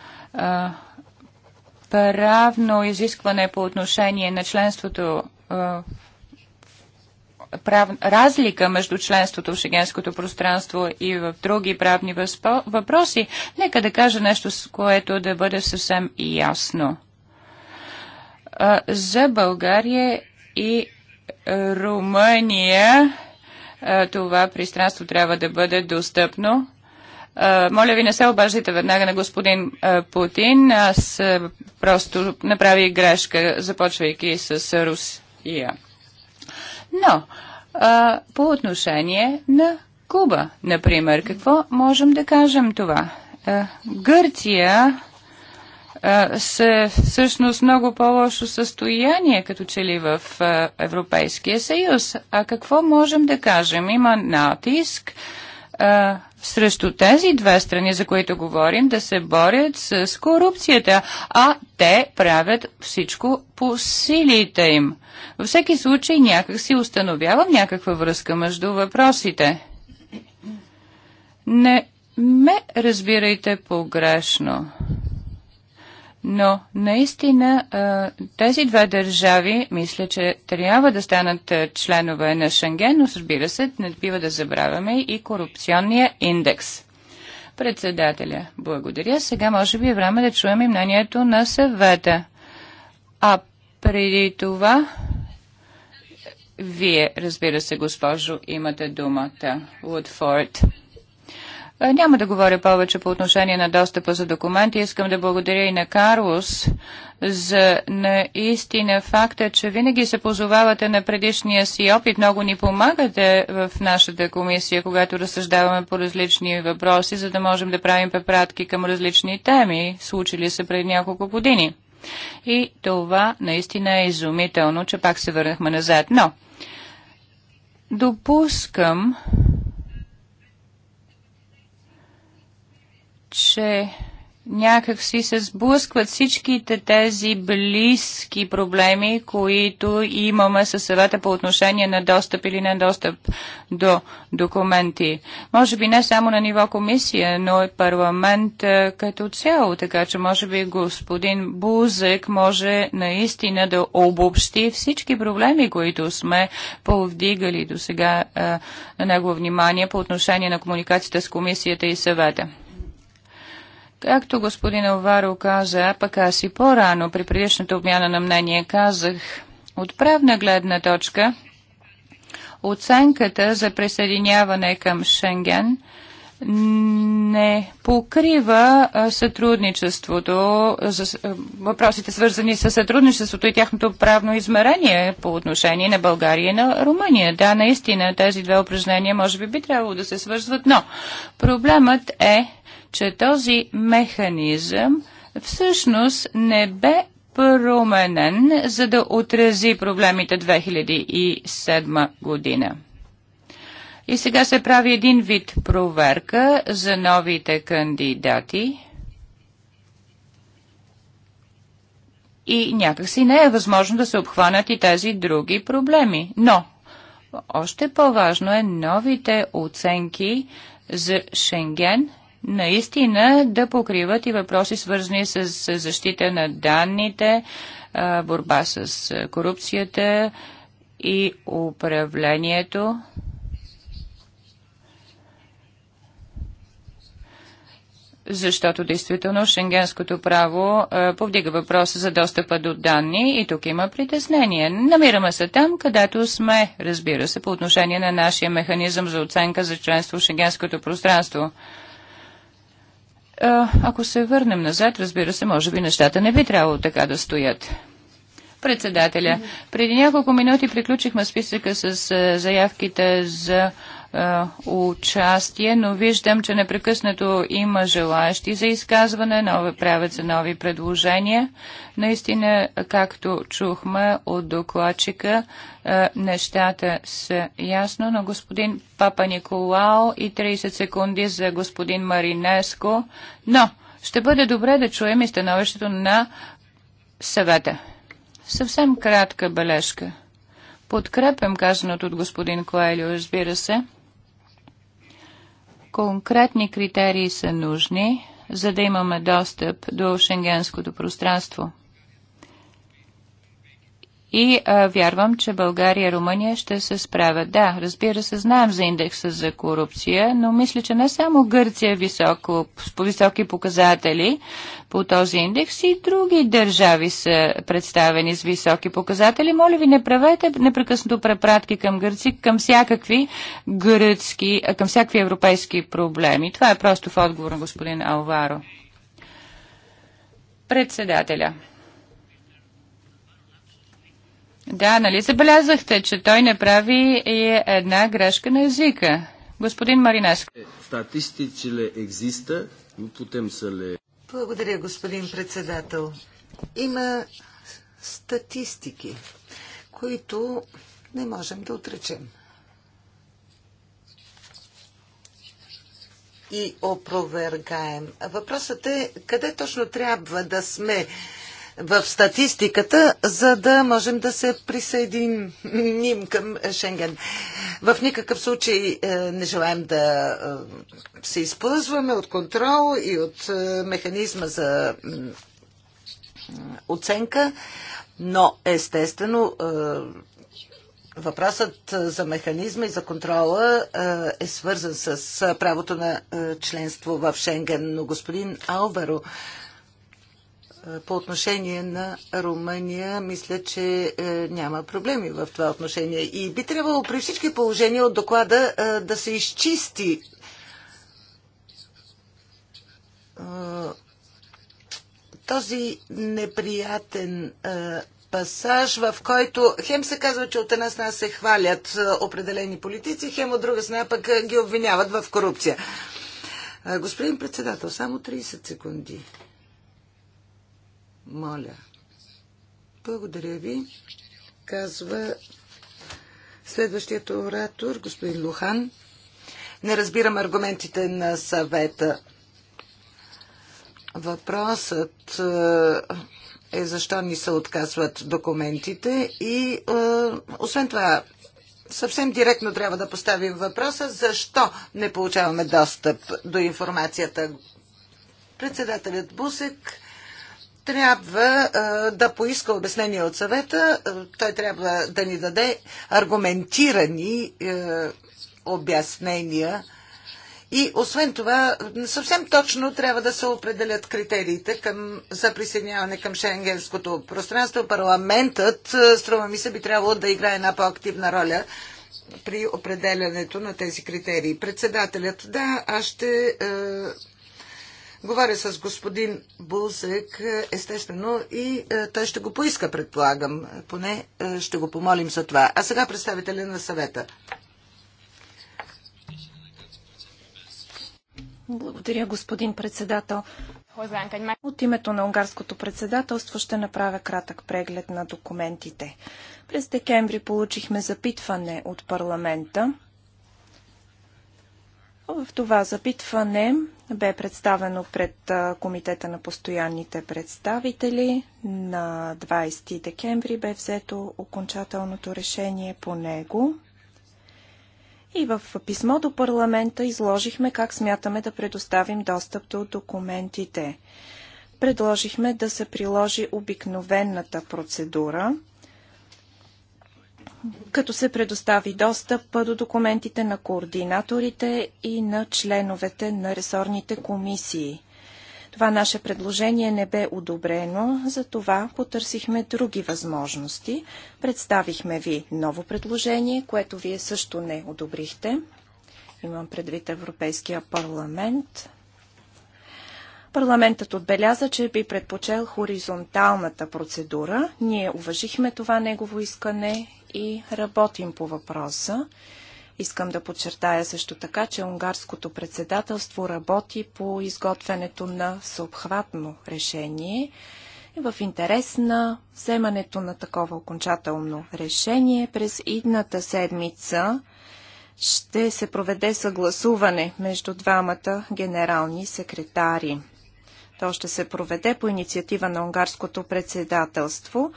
правно изискване по отношение на членството прав... разлика между членството в шегенското пространство и в други правни възпо... въпроси, нека да кажа нещо, с което да бъде съвсем ясно. за България и Румъния това пространство трябва да бъде достъпно е, моля ви, не се обаждайте веднага на господин е, Путин. Аз е, просто направи грешка, започвайки с Русия. Но, по отношение на Куба, например, какво можем да кажем това? Гърция се всъщност много по-лошо състояние, като че ли в Европейския съюз. А какво можем да кажем? Има натиск срещу тези две страни, за които говорим, да се борят с корупцията, а те правят всичко по силите им. Във всеки случай някак си установявам някаква връзка между въпросите. Не ме разбирайте погрешно. Но наистина тези две държави мисля, че трябва да станат членове на Шенген, но разбира се, не бива да забравяме и корупционния индекс. Председателя, благодаря. Сега може би е време да чуем и мнението на съвета. А преди това, вие, разбира се, госпожо, имате думата. Уотфорд. Е, няма да говоря повече по отношение на достъпа за документи. Искам да благодаря и на Карлос за наистина факта, че винаги се позовавате на предишния си опит. Много ни помагате в нашата комисия, когато разсъждаваме по различни въпроси, за да можем да правим препратки към различни теми, случили се преди няколко години. И това наистина е изумително, че пак се върнахме назад. Но допускам, че някак си се сблъскват всичките тези близки проблеми, които имаме със съвета по отношение на достъп или недостъп до документи. Може би не само на ниво комисия, но и парламент е, като цяло, така че може би господин Бузек може наистина да обобщи всички проблеми, които сме повдигали до сега е, на него внимание по отношение на комуникацията с комисията и съвета. Както господин Оваро каза, пък аз и по-рано при предишната обмяна на мнение казах, от правна гледна точка, оценката за присъединяване към Шенген не покрива сътрудничеството, въпросите свързани с сътрудничеството и тяхното правно измерение по отношение на България и на Румъния. Да, наистина тези две упражнения може би би трябвало да се свързват, но проблемът е, че този механизъм всъщност не бе променен, за да отрази проблемите 2007 година. И сега се прави един вид проверка за новите кандидати. И някакси не е възможно да се обхванат и тези други проблеми. Но още по-важно е новите оценки за Шенген – наистина да покриват и въпроси свързани с защита на данните, борба с корупцията и управлението. защото действително шенгенското право повдига въпроса за достъпа до данни и тук има притеснение. Намираме се там, където сме, разбира се, по отношение на нашия механизъм за оценка за членство в шенгенското пространство. Ако се върнем назад, разбира се, може би нещата не би трябвало така да стоят председателя. Преди няколко минути приключихме списъка с заявките за е, участие, но виждам, че непрекъснато има желаящи за изказване, нови, правят се нови предложения. Наистина, както чухме от докладчика, е, нещата са ясно, но господин Папа Николао и 30 секунди за господин Маринеско, но ще бъде добре да чуем и становището на съвета. Съвсем кратка бележка. Подкрепям казаното от господин Коелио, разбира се. Конкретни критерии са нужни, за да имаме достъп до шенгенското пространство и а, вярвам, че България и Румъния ще се справят. Да, разбира се, знаем за индекса за корупция, но мисля, че не само Гърция е високо, с по високи показатели по този индекс и други държави са представени с високи показатели. Моля ви, не правете непрекъснато препратки към Гърци, към всякакви гръцки, към всякакви европейски проблеми. Това е просто в отговор на господин Алваро. Председателя. Да, нали забелязахте, че той не прави и една грешка на езика. Господин е, Статистици ли екзиста, но потем са ле... Благодаря, господин председател. Има статистики, които не можем да отречем. и опровергаем. Въпросът е къде точно трябва да сме в статистиката, за да можем да се присъединим към Шенген. В никакъв случай е, не желаем да е, се използваме от контрол и от е, механизма за оценка, но естествено Въпросът за механизма и за контрола е свързан с правото на членство в Шенген, но господин Алваро е, по отношение на Румъния, мисля, че е, няма проблеми в това отношение. И би трябвало при всички положения от доклада е, да се изчисти този неприятен пасаж, в който хем се казва, че от една страна се хвалят определени политици, хем от друга страна пък ги обвиняват в корупция. Господин председател, само 30 секунди. Моля. Благодаря ви. Казва следващият оратор, господин Лухан. Не разбирам аргументите на съвета. Въпросът е, е защо ни се отказват документите и е, освен това съвсем директно трябва да поставим въпроса защо не получаваме достъп до информацията. Председателят Бусек трябва да поиска обяснение от съвета. Той трябва да ни даде аргументирани обяснения. И освен това, съвсем точно трябва да се определят критериите към, за присъединяване към шенгенското пространство. Парламентът, струва ми се, би трябвало да играе една по-активна роля при определянето на тези критерии. Председателят, да, аз ще А, Говоря с господин Булзек, естествено, и е, той ще го поиска, предполагам. Поне е, ще го помолим за това. А сега представителя на съвета. Благодаря, господин председател. От името на унгарското председателство ще направя кратък преглед на документите. През декември получихме запитване от парламента в това запитване бе представено пред Комитета на постоянните представители. На 20 декември бе взето окончателното решение по него. И в писмо до парламента изложихме как смятаме да предоставим достъп до документите. Предложихме да се приложи обикновената процедура – като се предостави достъп до документите на координаторите и на членовете на ресорните комисии. Това наше предложение не бе одобрено, затова потърсихме други възможности. Представихме ви ново предложение, което вие също не одобрихте. Имам предвид Европейския парламент. Парламентът отбеляза, че би предпочел хоризонталната процедура. Ние уважихме това негово искане и работим по въпроса. Искам да подчертая също така, че унгарското председателство работи по изготвянето на съобхватно решение. И е в интерес на вземането на такова окончателно решение през идната седмица ще се проведе съгласуване между двамата генерални секретари. То ще се проведе по инициатива на унгарското председателство.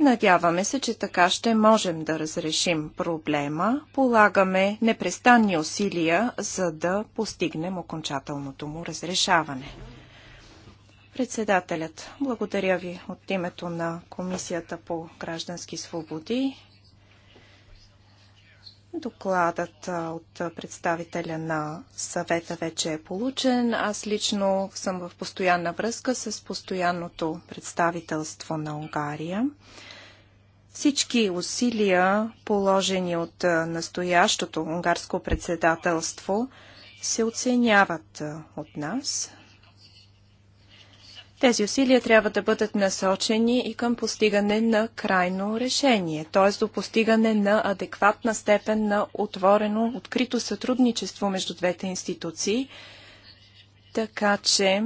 Надяваме се, че така ще можем да разрешим проблема. Полагаме непрестанни усилия, за да постигнем окончателното му разрешаване. Председателят, благодаря ви от името на Комисията по граждански свободи Докладът от представителя на съвета вече е получен. Аз лично съм в постоянна връзка с постоянното представителство на Унгария. Всички усилия, положени от настоящото унгарско председателство, се оценяват от нас. Тези усилия трябва да бъдат насочени и към постигане на крайно решение, т.е. до постигане на адекватна степен на отворено, открито сътрудничество между двете институции, така че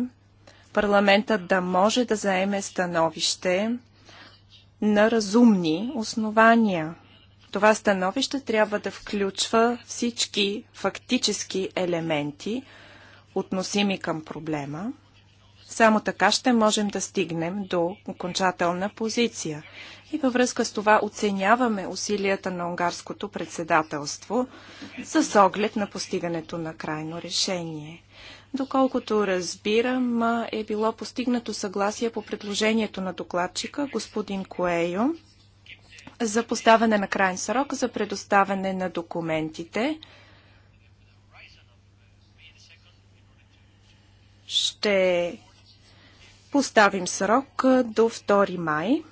парламентът да може да заеме становище на разумни основания. Това становище трябва да включва всички фактически елементи, относими към проблема – само така ще можем да стигнем до окончателна позиция. И във връзка с това оценяваме усилията на унгарското председателство с оглед на постигането на крайно решение. Доколкото разбирам, е било постигнато съгласие по предложението на докладчика господин Коейо за поставяне на крайен срок за предоставяне на документите. Ще поставим срок до 2 май.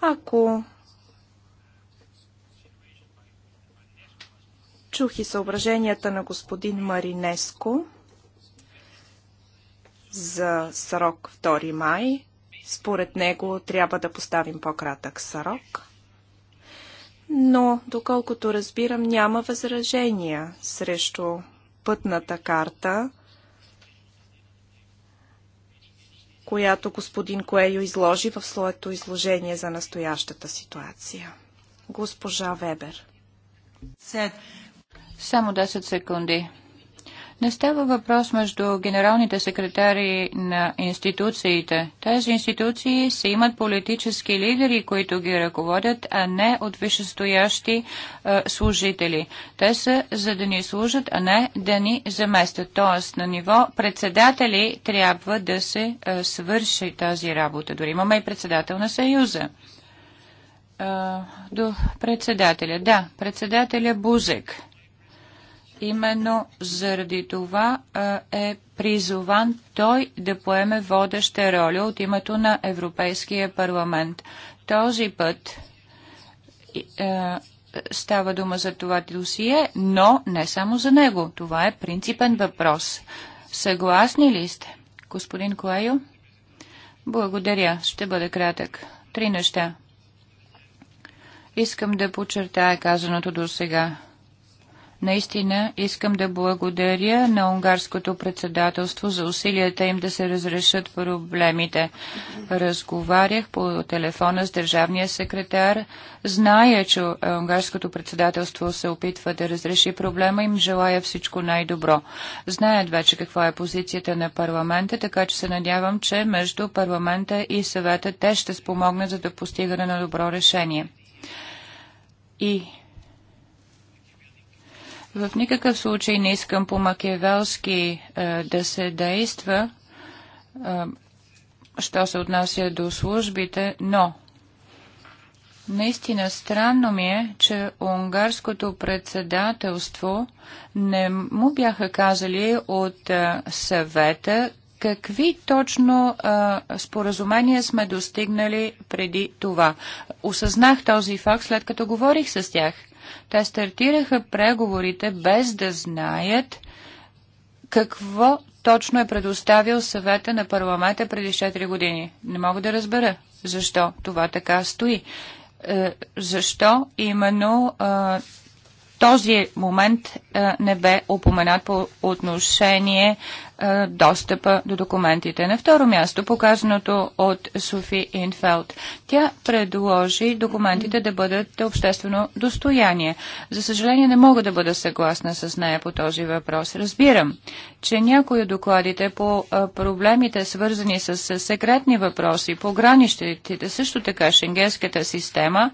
Ако чух и съображенията на господин Маринеско за срок 2 май, според него трябва да поставим по-кратък срок. Но, доколкото разбирам, няма възражения срещу пътната карта – която господин Коейо изложи в своето изложение за настоящата ситуация. Госпожа Вебер. Само 10 секунди. Не става въпрос между генералните секретари на институциите. Тези институции се имат политически лидери, които ги ръководят, а не от висшестоящи е, служители. Те са за да ни служат, а не да ни заместят. Тоест на ниво председатели трябва да се е, свърши тази работа. Дори имаме и председател на Съюза е, до председателя. Да, председателя Бузек именно заради това е призован той да поеме водеща роля от името на Европейския парламент. Този път е, става дума за това досие, но не само за него. Това е принципен въпрос. Съгласни ли сте, господин Коайо? Благодаря. Ще бъде кратък. Три неща. Искам да подчертая казаното до сега. Наистина искам да благодаря на унгарското председателство за усилията им да се разрешат проблемите. Разговарях по телефона с държавния секретар. Зная, че е, унгарското председателство се опитва да разреши проблема им. Желая всичко най-добро. Знаят вече каква е позицията на парламента, така че се надявам, че между парламента и съвета те ще спомогнат за да постигане на добро решение. И в никакъв случай не искам по макевелски е, да се действа, е, що се отнася до службите, но Наистина странно ми е, че унгарското председателство не му бяха казали от е, съвета какви точно споразумения сме достигнали преди това. Осъзнах този факт след като говорих с тях. Те стартираха преговорите без да знаят какво точно е предоставил съвета на парламента преди 4 години. Не мога да разбера защо това така стои. Е, защо именно този момент е, не бе упоменат по отношение е, достъпа до документите. На второ място, показаното от Софи Инфелд. Тя предложи документите да бъдат обществено достояние. За съжаление, не мога да бъда съгласна с нея по този въпрос. Разбирам, че някои от докладите по е, проблемите, свързани с, секретни въпроси, по гранищите, също така шенгенската система,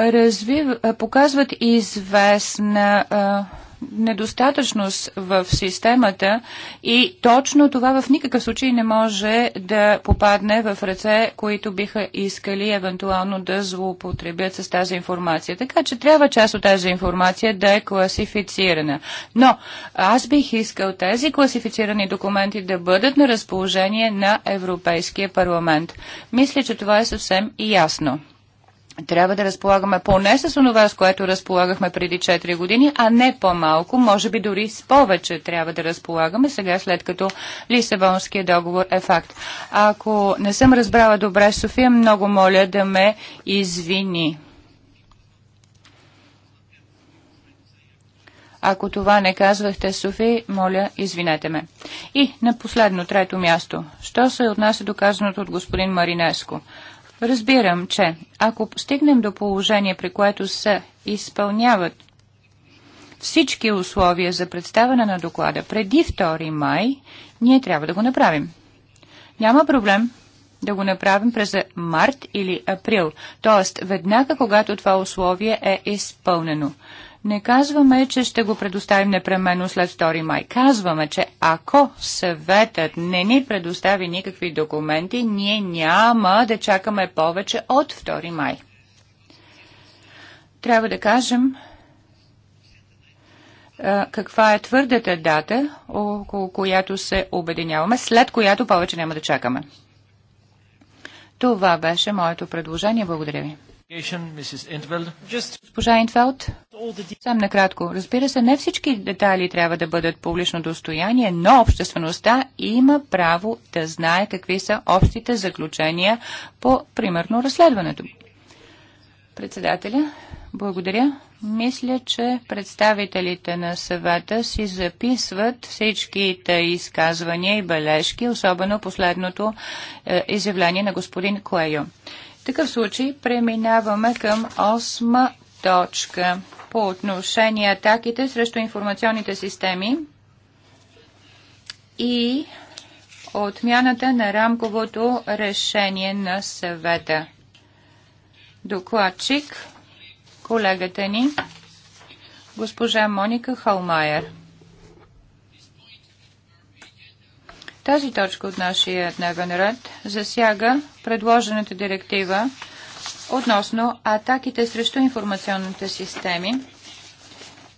развив, показват известна а, недостатъчност в системата и точно това в никакъв случай не може да попадне в ръце, които биха искали евентуално да злоупотребят с тази информация. Така че трябва част от тази информация да е класифицирана. Но аз бих искал тези класифицирани документи да бъдат на разположение на Европейския парламент. Мисля, че това е съвсем ясно трябва да разполагаме поне с онова, с което разполагахме преди 4 години, а не по-малко, може би дори с повече трябва да разполагаме сега, след като Лисабонския договор е факт. Ако не съм разбрала добре, София, много моля да ме извини. Ако това не казвахте, Софи, моля, извинете ме. И на последно, трето място. Що се отнася до казаното от господин Маринеско? Разбирам, че ако стигнем до положение, при което се изпълняват всички условия за представяне на доклада преди 2 май, ние трябва да го направим. Няма проблем да го направим през март или април, т.е. веднага, когато това условие е изпълнено. Не казваме, че ще го предоставим непременно след 2 май. Казваме, че ако съветът не ни предостави никакви документи, ние няма да чакаме повече от 2 май. Трябва да кажем каква е твърдата дата, около която се обединяваме, след която повече няма да чакаме. Това беше моето предложение. Благодаря ви. Госпожа Инфелд, сам накратко. Разбира се, не всички детайли трябва да бъдат публично достояние, но обществеността има право да знае какви са общите заключения по, примерно, разследването. Председателя, благодаря. Мисля, че представителите на съвета си записват всичките изказвания и бележки, особено последното е, изявление на господин Куейо. В такъв случай преминаваме към осма точка по отношение атаките срещу информационните системи и отмяната на рамковото решение на съвета. Докладчик, колегата ни, госпожа Моника Халмайер. Тази точка от нашия дневен ред засяга предложената директива относно атаките срещу информационните системи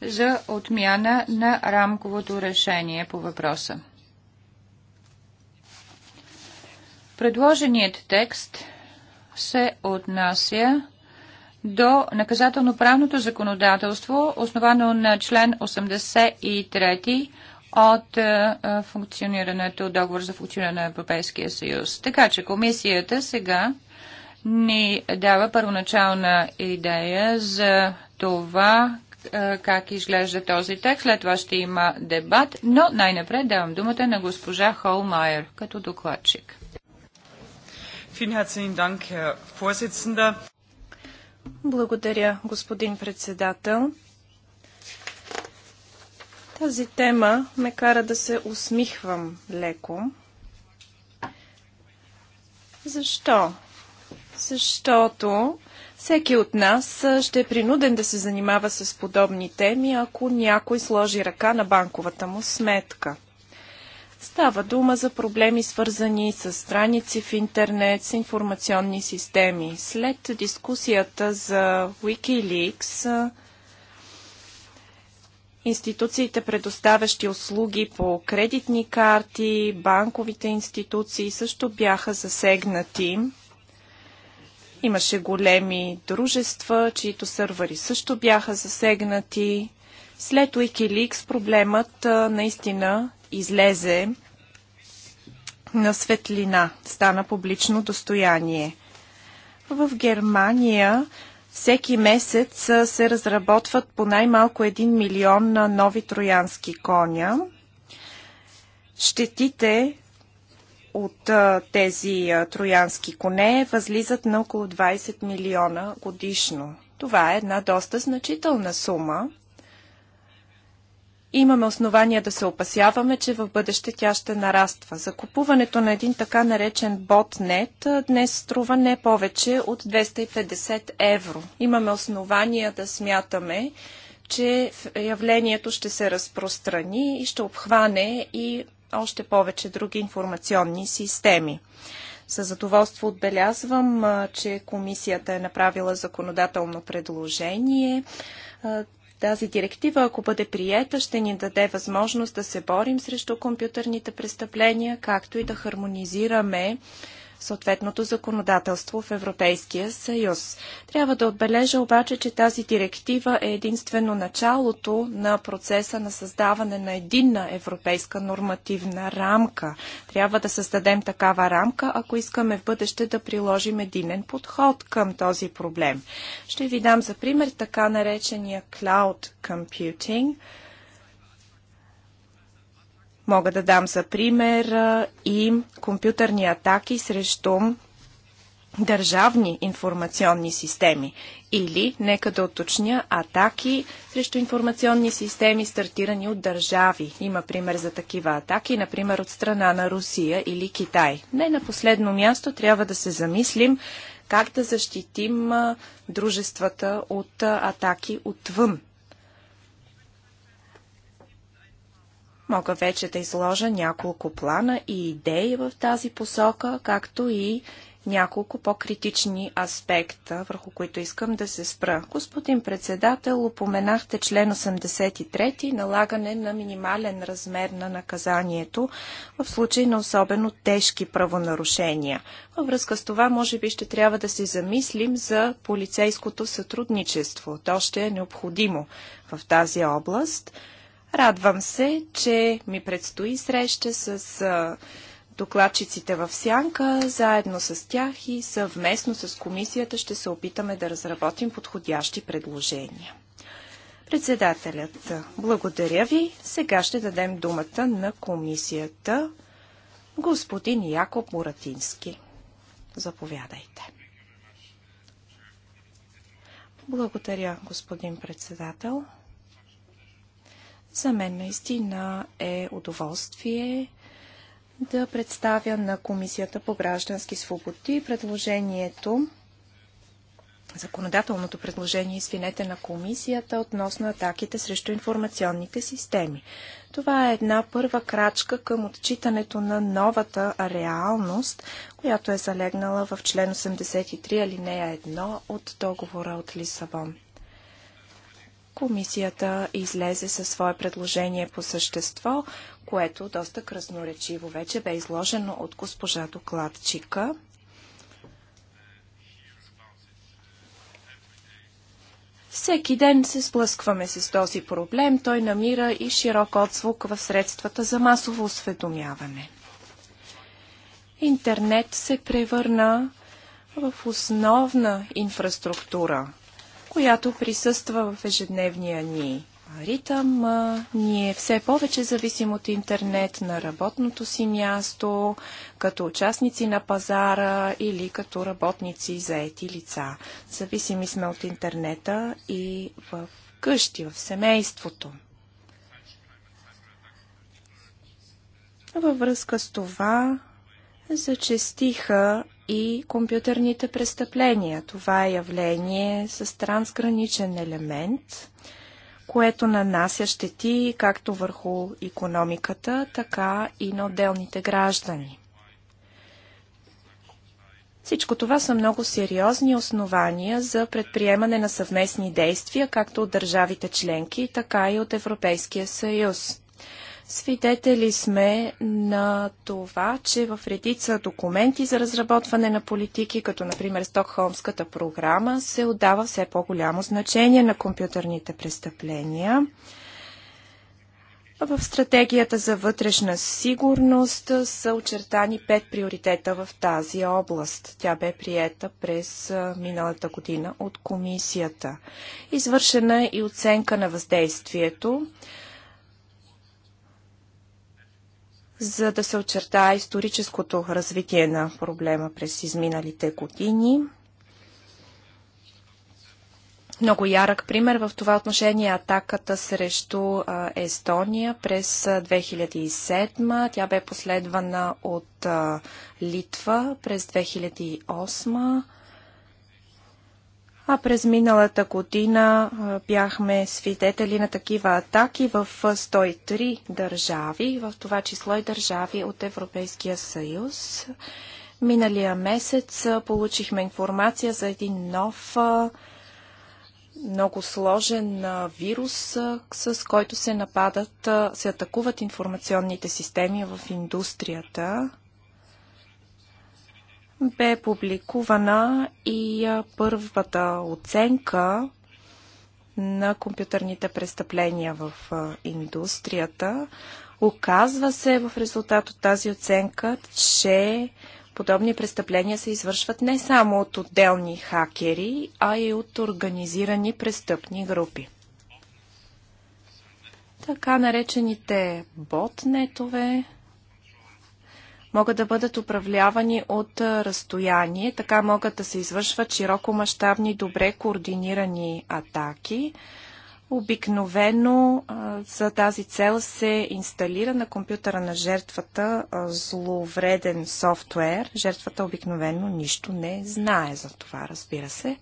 за отмяна на рамковото решение по въпроса. Предложеният текст се отнася до наказателно-правното законодателство, основано на член 83 от е, е, функционирането, договор за функциониране на Европейския съюз. Така че комисията сега ни дава първоначална идея за това е, как изглежда този текст. След това ще има дебат, но най-напред давам думата на госпожа Холмайер като докладчик. Благодаря, господин председател. Тази тема ме кара да се усмихвам леко. Защо? Защото всеки от нас ще е принуден да се занимава с подобни теми, ако някой сложи ръка на банковата му сметка. Става дума за проблеми, свързани с страници в интернет, с информационни системи. След дискусията за Wikileaks, институциите, предоставящи услуги по кредитни карти, банковите институции също бяха засегнати. Имаше големи дружества, чието сървъри също бяха засегнати. След Wikileaks проблемът наистина излезе на светлина, стана публично достояние. В Германия всеки месец се разработват по най-малко 1 милион нови троянски коня. Щетите от тези троянски коне възлизат на около 20 милиона годишно. Това е една доста значителна сума имаме основания да се опасяваме, че в бъдеще тя ще нараства. Закупуването на един така наречен ботнет днес струва не повече от 250 евро. Имаме основания да смятаме, че явлението ще се разпространи и ще обхване и още повече други информационни системи. Със задоволство отбелязвам, че комисията е направила законодателно предложение тази директива, ако бъде приета, ще ни даде възможност да се борим срещу компютърните престъпления, както и да хармонизираме съответното законодателство в Европейския съюз. Трябва да отбележа обаче, че тази директива е единствено началото на процеса на създаване на единна европейска нормативна рамка. Трябва да създадем такава рамка, ако искаме в бъдеще да приложим единен подход към този проблем. Ще ви дам за пример така наречения Cloud Computing – Мога да дам за пример и компютърни атаки срещу държавни информационни системи или, нека да уточня, атаки срещу информационни системи, стартирани от държави. Има пример за такива атаки, например от страна на Русия или Китай. Не на последно място трябва да се замислим как да защитим дружествата от атаки отвън Мога вече да изложа няколко плана и идеи в тази посока, както и няколко по-критични аспекта, върху които искам да се спра. Господин председател, упоменахте член 83, налагане на минимален размер на наказанието в случай на особено тежки правонарушения. Във връзка с това, може би ще трябва да се замислим за полицейското сътрудничество. То ще е необходимо в тази област – Радвам се, че ми предстои среща с докладчиците в Сянка. Заедно с тях и съвместно с комисията ще се опитаме да разработим подходящи предложения. Председателят, благодаря ви. Сега ще дадем думата на комисията господин Якоб Муратински. Заповядайте. Благодаря, господин председател. За мен наистина е удоволствие да представя на Комисията по граждански свободи предложението, законодателното предложение, извинете, на Комисията относно атаките срещу информационните системи. Това е една първа крачка към отчитането на новата реалност, която е залегнала в член 83 алинея 1 от договора от Лисабон. Комисията излезе със свое предложение по същество, което доста красноречиво вече бе изложено от госпожа докладчика. Всеки ден се сблъскваме с този проблем. Той намира и широк отзвук в средствата за масово осведомяване. Интернет се превърна в основна инфраструктура която присъства в ежедневния ни ритъм. Ние все повече зависим от интернет на работното си място, като участници на пазара или като работници заети лица. Зависими сме от интернета и в къщи, в семейството. Във връзка с това зачестиха и компютърните престъпления. Това е явление с трансграничен елемент, което нанася щети както върху економиката, така и на отделните граждани. Всичко това са много сериозни основания за предприемане на съвместни действия, както от държавите членки, така и от Европейския съюз. Свидетели сме на това, че в редица документи за разработване на политики, като например Стокхолмската програма, се отдава все по-голямо значение на компютърните престъпления. В стратегията за вътрешна сигурност са очертани пет приоритета в тази област. Тя бе приета през миналата година от комисията. Извършена е и оценка на въздействието. за да се очерта историческото развитие на проблема през изминалите години. Много ярък пример в това отношение е атаката срещу Естония през 2007. Тя бе последвана от Литва през 2008. А през миналата година бяхме свидетели на такива атаки в 103 държави, в това число и държави от Европейския съюз. Миналия месец получихме информация за един нов много сложен вирус, с който се нападат, се атакуват информационните системи в индустрията бе публикувана и първата оценка на компютърните престъпления в индустрията. Оказва се в резултат от тази оценка, че подобни престъпления се извършват не само от отделни хакери, а и от организирани престъпни групи. Така наречените ботнетове могат да бъдат управлявани от разстояние. Така могат да се извършват широкомащабни, добре координирани атаки. Обикновено за тази цел се инсталира на компютъра на жертвата зловреден софтуер. Жертвата обикновено нищо не знае за това, разбира се.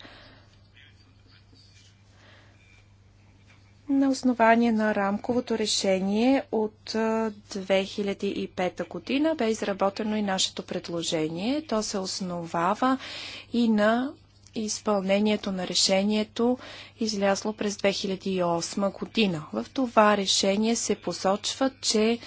на основание на рамковото решение от 2005 година бе изработено и нашето предложение. То се основава и на изпълнението на решението излязло през 2008 година. В това решение се посочва, че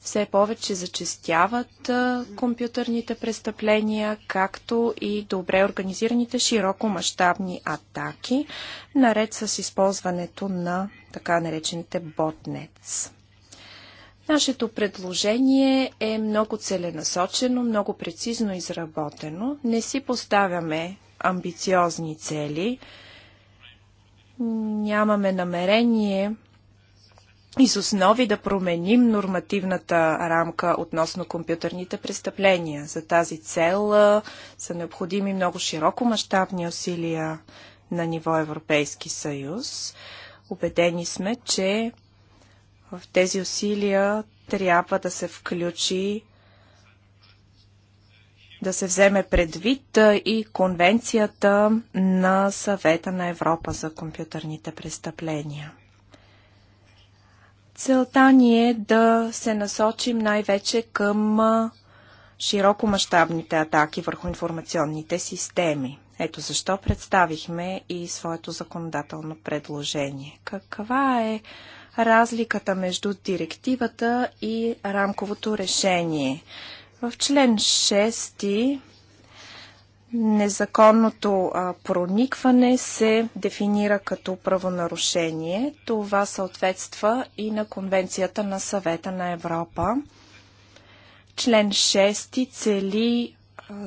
все повече зачестяват компютърните престъпления, както и добре организираните широкомащабни атаки, наред с използването на така наречените ботнец. Нашето предложение е много целенасочено, много прецизно изработено. Не си поставяме амбициозни цели. Нямаме намерение и с основи да променим нормативната рамка относно компютърните престъпления. За тази цел са необходими много широко мащабни усилия на ниво Европейски съюз. Убедени сме, че в тези усилия трябва да се включи да се вземе предвид и конвенцията на съвета на Европа за компютърните престъпления. Целта ни е да се насочим най-вече към широкомащабните атаки върху информационните системи. Ето защо представихме и своето законодателно предложение. Каква е разликата между директивата и рамковото решение? В член 6 Незаконното а, проникване се дефинира като правонарушение. Това съответства и на Конвенцията на съвета на Европа. Член 6 цели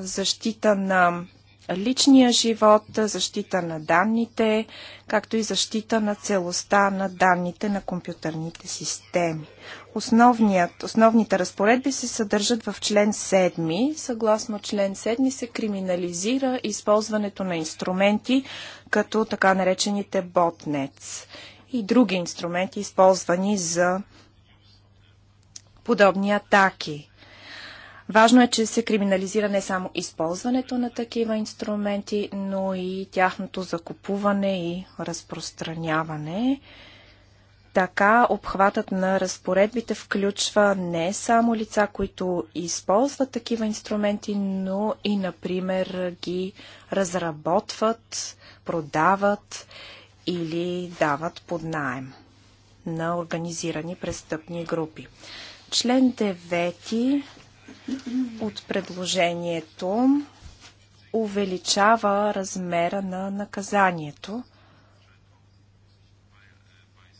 защита на личния живот, защита на данните, както и защита на целостта на данните на компютърните системи. Основният, основните разпоредби се съдържат в член 7. Съгласно член 7 се криминализира използването на инструменти, като така наречените ботнец и други инструменти, използвани за подобни атаки. Важно е, че се криминализира не само използването на такива инструменти, но и тяхното закупуване и разпространяване. Така обхватът на разпоредбите включва не само лица, които използват такива инструменти, но и, например, ги разработват, продават или дават под найем на организирани престъпни групи. Член от предложението увеличава размера на наказанието.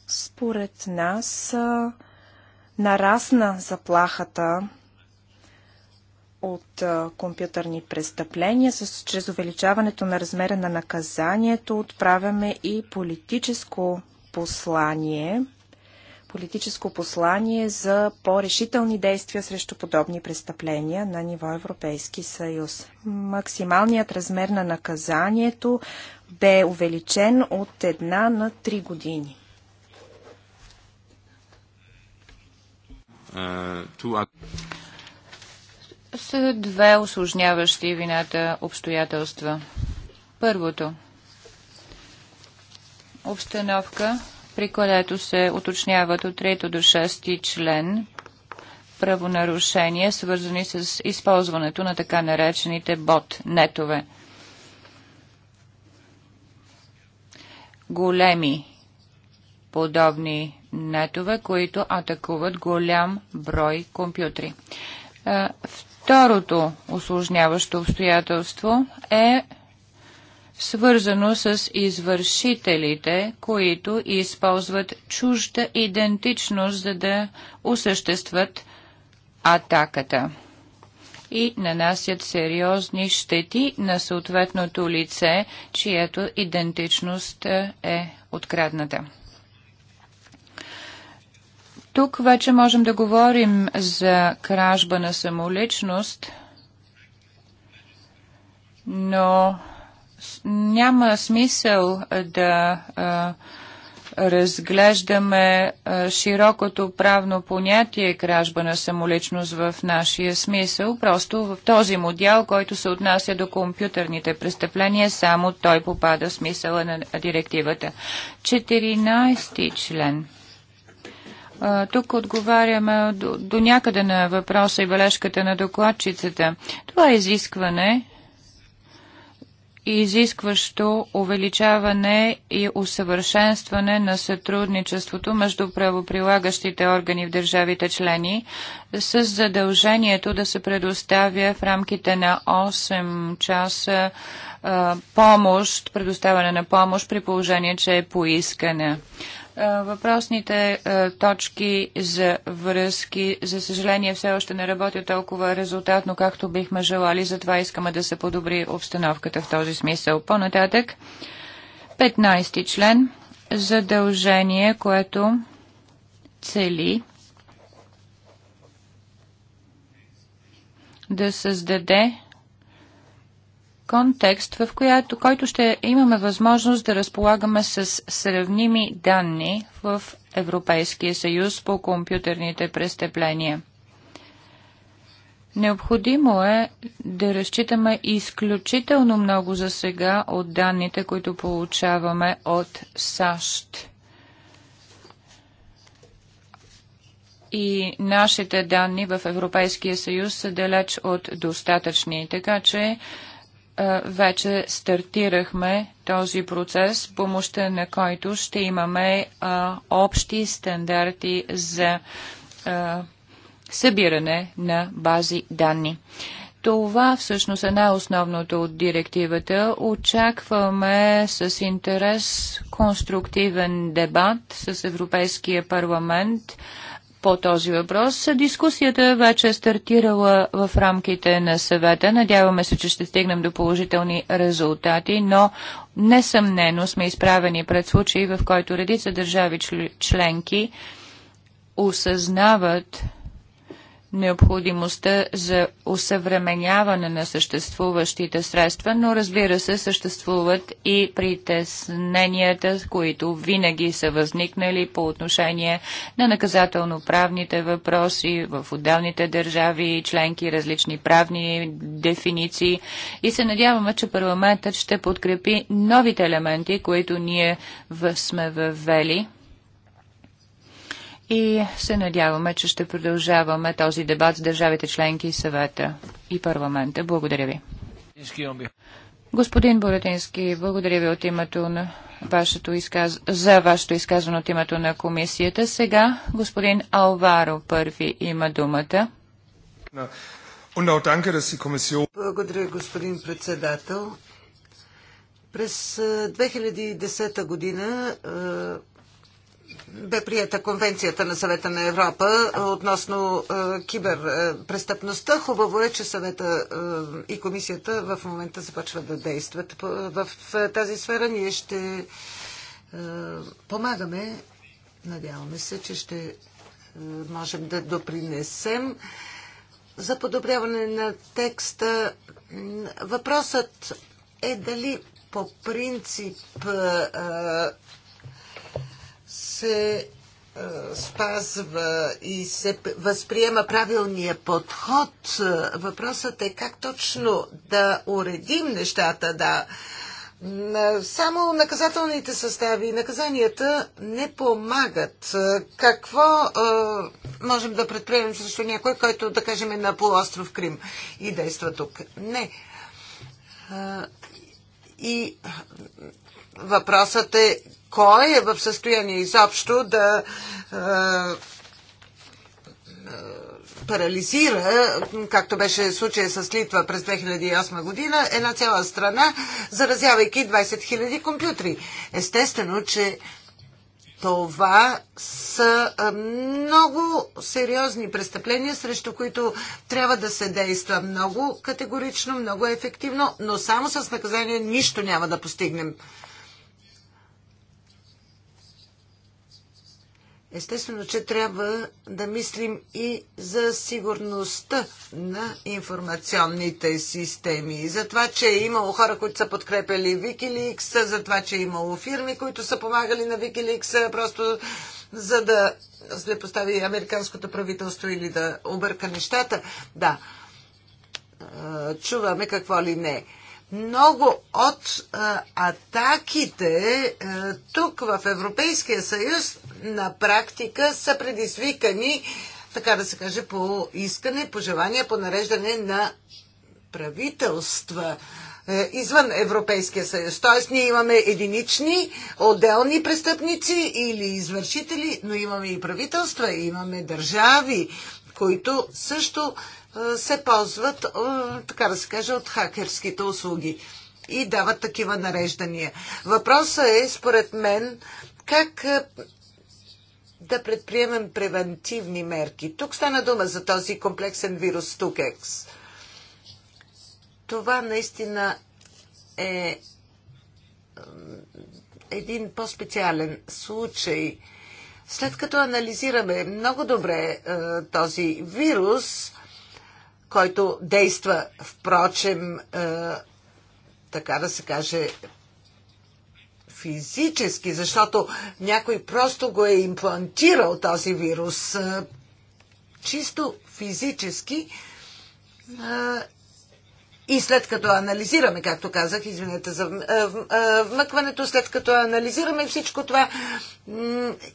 Според нас нарасна заплахата от компютърни престъпления. С, чрез увеличаването на размера на наказанието отправяме и политическо послание – политическо послание за по-решителни действия срещу подобни престъпления на ниво Европейски съюз. Максималният размер на наказанието бе увеличен от една на три години. Е, С две осложняващи вината обстоятелства. Първото – обстановка – при което се уточняват от 3 до 6 член правонарушения, свързани с използването на така наречените бот-нетове. Големи подобни нетове, които атакуват голям брой компютри. Е, второто осложняващо обстоятелство е свързано с извършителите, които използват чужда идентичност, за да осъществят атаката и нанасят сериозни щети на съответното лице, чието идентичност е, е открадната. Тук вече можем да говорим за кражба на самоличност, но няма смисъл да а, разглеждаме а, широкото правно понятие кражба на самоличност в нашия смисъл. Просто в този модел, който се отнася до компютърните престъпления, само той попада в смисъла на директивата. 14 член. Тук отговаряме до, до някъде на въпроса и бележката на докладчицата. Това е изискване изискващо увеличаване и усъвършенстване на сътрудничеството между правоприлагащите органи в държавите члени с задължението да се предоставя в рамките на 8 часа помощ, предоставяне на помощ при положение, че е поискане. Въпросните точки за връзки, за съжаление, все още не работят толкова резултатно, както бихме желали, затова искаме да се подобри обстановката в този смисъл. По-нататък, 15 ти член, задължение, което цели да създаде контекст, в която, който ще имаме възможност да разполагаме с сравними данни в Европейския съюз по компютърните престъпления. Необходимо е да разчитаме изключително много за сега от данните, които получаваме от САЩ. и нашите данни в Европейския съюз са далеч от достатъчни, така че вече стартирахме този процес, помощта на който ще имаме а, общи стандарти за а, събиране на бази данни. Това всъщност е най-основното от директивата. Очакваме с интерес конструктивен дебат с Европейския парламент по този въпрос. Дискусията е вече е стартирала в рамките на съвета. Надяваме се, че ще стигнем до положителни резултати, но несъмнено сме изправени пред случаи, в който редица държави членки осъзнават необходимостта за усъвременяване на съществуващите средства, но разбира се, съществуват и притесненията, които винаги са възникнали по отношение на наказателно-правните въпроси в отделните държави, членки, различни правни дефиниции и се надяваме, че парламентът ще подкрепи новите елементи, които ние сме въвели – и се надяваме, че ще продължаваме този дебат с държавите членки, съвета и парламента. Благодаря ви. Господин Боротински, благодаря ви от името на вашето изказ... за вашето изказване от името на комисията. Сега господин Алваро първи има думата. Благодаря, господин председател. През 2010 година бе прията Конвенцията на съвета на Европа относно е, киберпрестъпността. Е, Хубаво е, че съвета е, и комисията в момента започват да действат в тази сфера. Ние ще помагаме. Надяваме се, че ще можем да допринесем за подобряване на текста. Въпросът е дали по принцип се е, спазва и се възприема правилния подход. Въпросът е как точно да уредим нещата, да. Само наказателните състави и наказанията не помагат. Какво а, е, можем да предприемем срещу някой, който, да кажем, е на полуостров Крим и действа тук? Не. А, е, и въпросът е кой е в състояние изобщо да е, е, парализира, както беше случая с Литва през 2008 година, една цяла страна, заразявайки 20 000 компютри. Естествено, че това са е, много сериозни престъпления, срещу които трябва да се действа много категорично, много ефективно, но само с наказание нищо няма да постигнем. Естествено, че трябва да мислим и за сигурността на информационните системи. за това, че е имало хора, които са подкрепили Wikileaks, за това, че е имало фирми, които са помагали на Wikileaks, просто за да се постави американското правителство или да обърка нещата. Да, чуваме какво ли не много от а, атаките а, тук в Европейския съюз на практика са предизвикани, така да се каже, по искане, по желание, по нареждане на правителства е, извън Европейския съюз. Тоест ние имаме единични, отделни престъпници или извършители, но имаме и правителства, имаме държави, които също е, се ползват, е, така да се каже, от хакерските услуги и дават такива нареждания. Въпросът е, според мен, как да предприемем превентивни мерки. Тук стана дума за този комплексен вирус Тукекс. Това наистина е един по-специален случай. След като анализираме много добре е, този вирус, който действа, впрочем, е, така да се каже, физически, защото някой просто го е имплантирал този вирус. Чисто физически. И след като анализираме, както казах, извинете за вмъкването, след като анализираме всичко това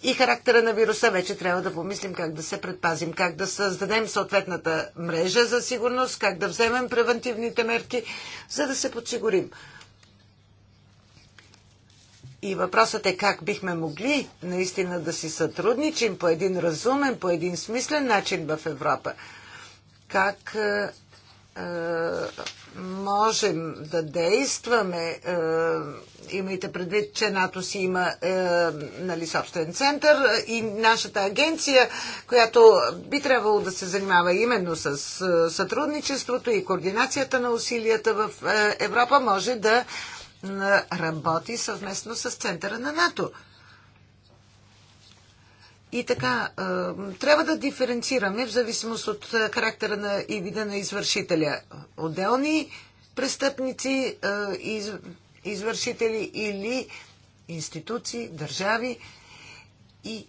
и характера на вируса, вече трябва да помислим как да се предпазим, как да създадем съответната мрежа за сигурност, как да вземем превентивните мерки, за да се подсигурим. И въпросът е как бихме могли наистина да си сътрудничим по един разумен, по един смислен начин в Европа. Как е, е можем да действаме, е, имайте предвид, че НАТО си има е, нали, собствен център е, и нашата агенция, която би трябвало да се занимава именно с е, сътрудничеството и координацията на усилията в Европа, може да е, работи съвместно с центъра на НАТО. И така, е, трябва да диференцираме в зависимост от е, характера на и вида на извършителя. Отделни престъпници, е, извършители или институции, държави и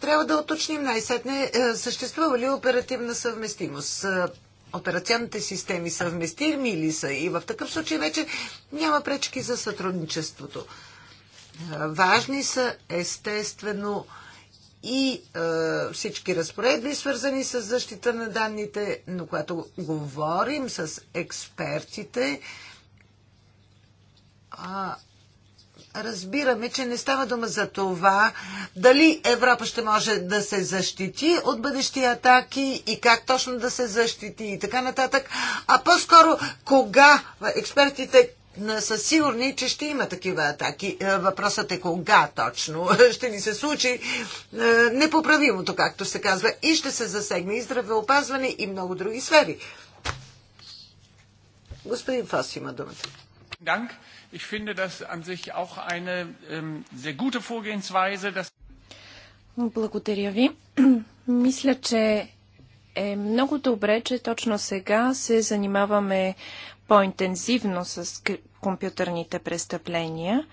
трябва да уточним най-сетне съществува ли оперативна съвместимост операционните системи съвместими ли са и в такъв случай вече няма пречки за сътрудничеството. Важни са естествено и е, всички разпоредби, свързани с защита на данните, но когато говорим с експертите, а, разбираме, че не става дума за това дали Европа ще може да се защити от бъдещи атаки и как точно да се защити и така нататък, а по-скоро кога експертите са сигурни, че ще има такива атаки. Е, въпросът е кога точно ще ни се случи е, непоправимото, както се казва, и ще се засегне и здравеопазване и много други сфери. Господин Фас има думата. Ich finde das an sich auch eine ähm, sehr gute Vorgehensweise. Благодаря ви. Мисля, че е много добре, че точно сега се занимаваме по-интензивно с компютърните престъпления.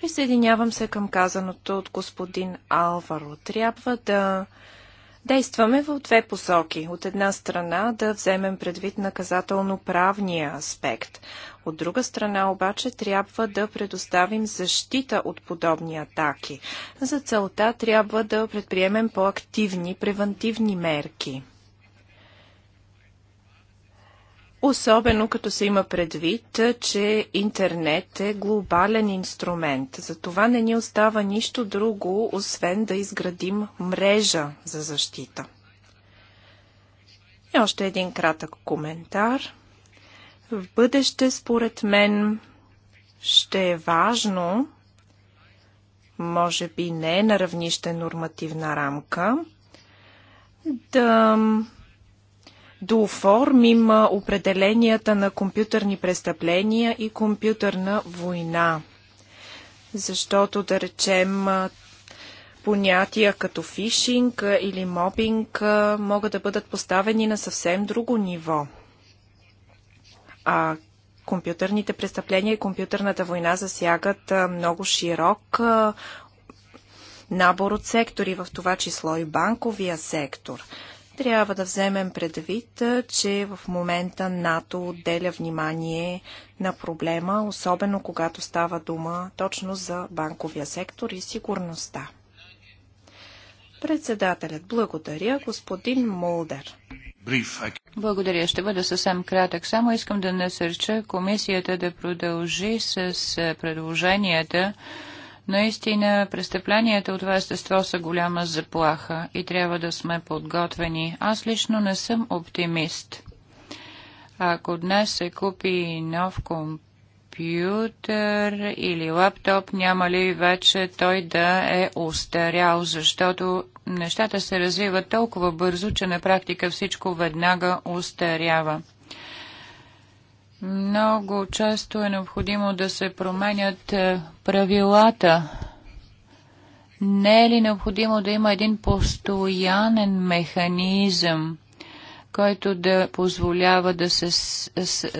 Присъединявам се към казаното от господин Алваро. Трябва да Действаме в две посоки. От една страна да вземем предвид наказателно-правния аспект. От друга страна обаче трябва да предоставим защита от подобни атаки. За целта трябва да предприемем по-активни превентивни мерки. Особено като се има предвид, че интернет е глобален инструмент. За това не ни остава нищо друго, освен да изградим мрежа за защита. И още един кратък коментар. В бъдеще, според мен, ще е важно, може би не на равнище нормативна рамка, да дооформим определенията на компютърни престъпления и компютърна война. Защото, да речем, понятия като фишинг или мобинг могат да бъдат поставени на съвсем друго ниво. А компютърните престъпления и компютърната война засягат много широк набор от сектори, в това число и банковия сектор. Трябва да вземем предвид, че в момента НАТО отделя внимание на проблема, особено когато става дума точно за банковия сектор и сигурността. Председателят благодаря, господин Молдер. Благодаря. Ще бъда съвсем кратък. Само искам да насърча комисията да продължи с предложенията, Наистина, престъпленията от това естество са голяма заплаха и трябва да сме подготвени. Аз лично не съм оптимист. Ако днес се купи нов компютър или лаптоп, няма ли вече той да е устарял, защото нещата се развиват толкова бързо, че на практика всичко веднага устарява. Много често е необходимо да се променят е, правилата. Не е ли необходимо да има един постоянен механизъм, който да позволява да се,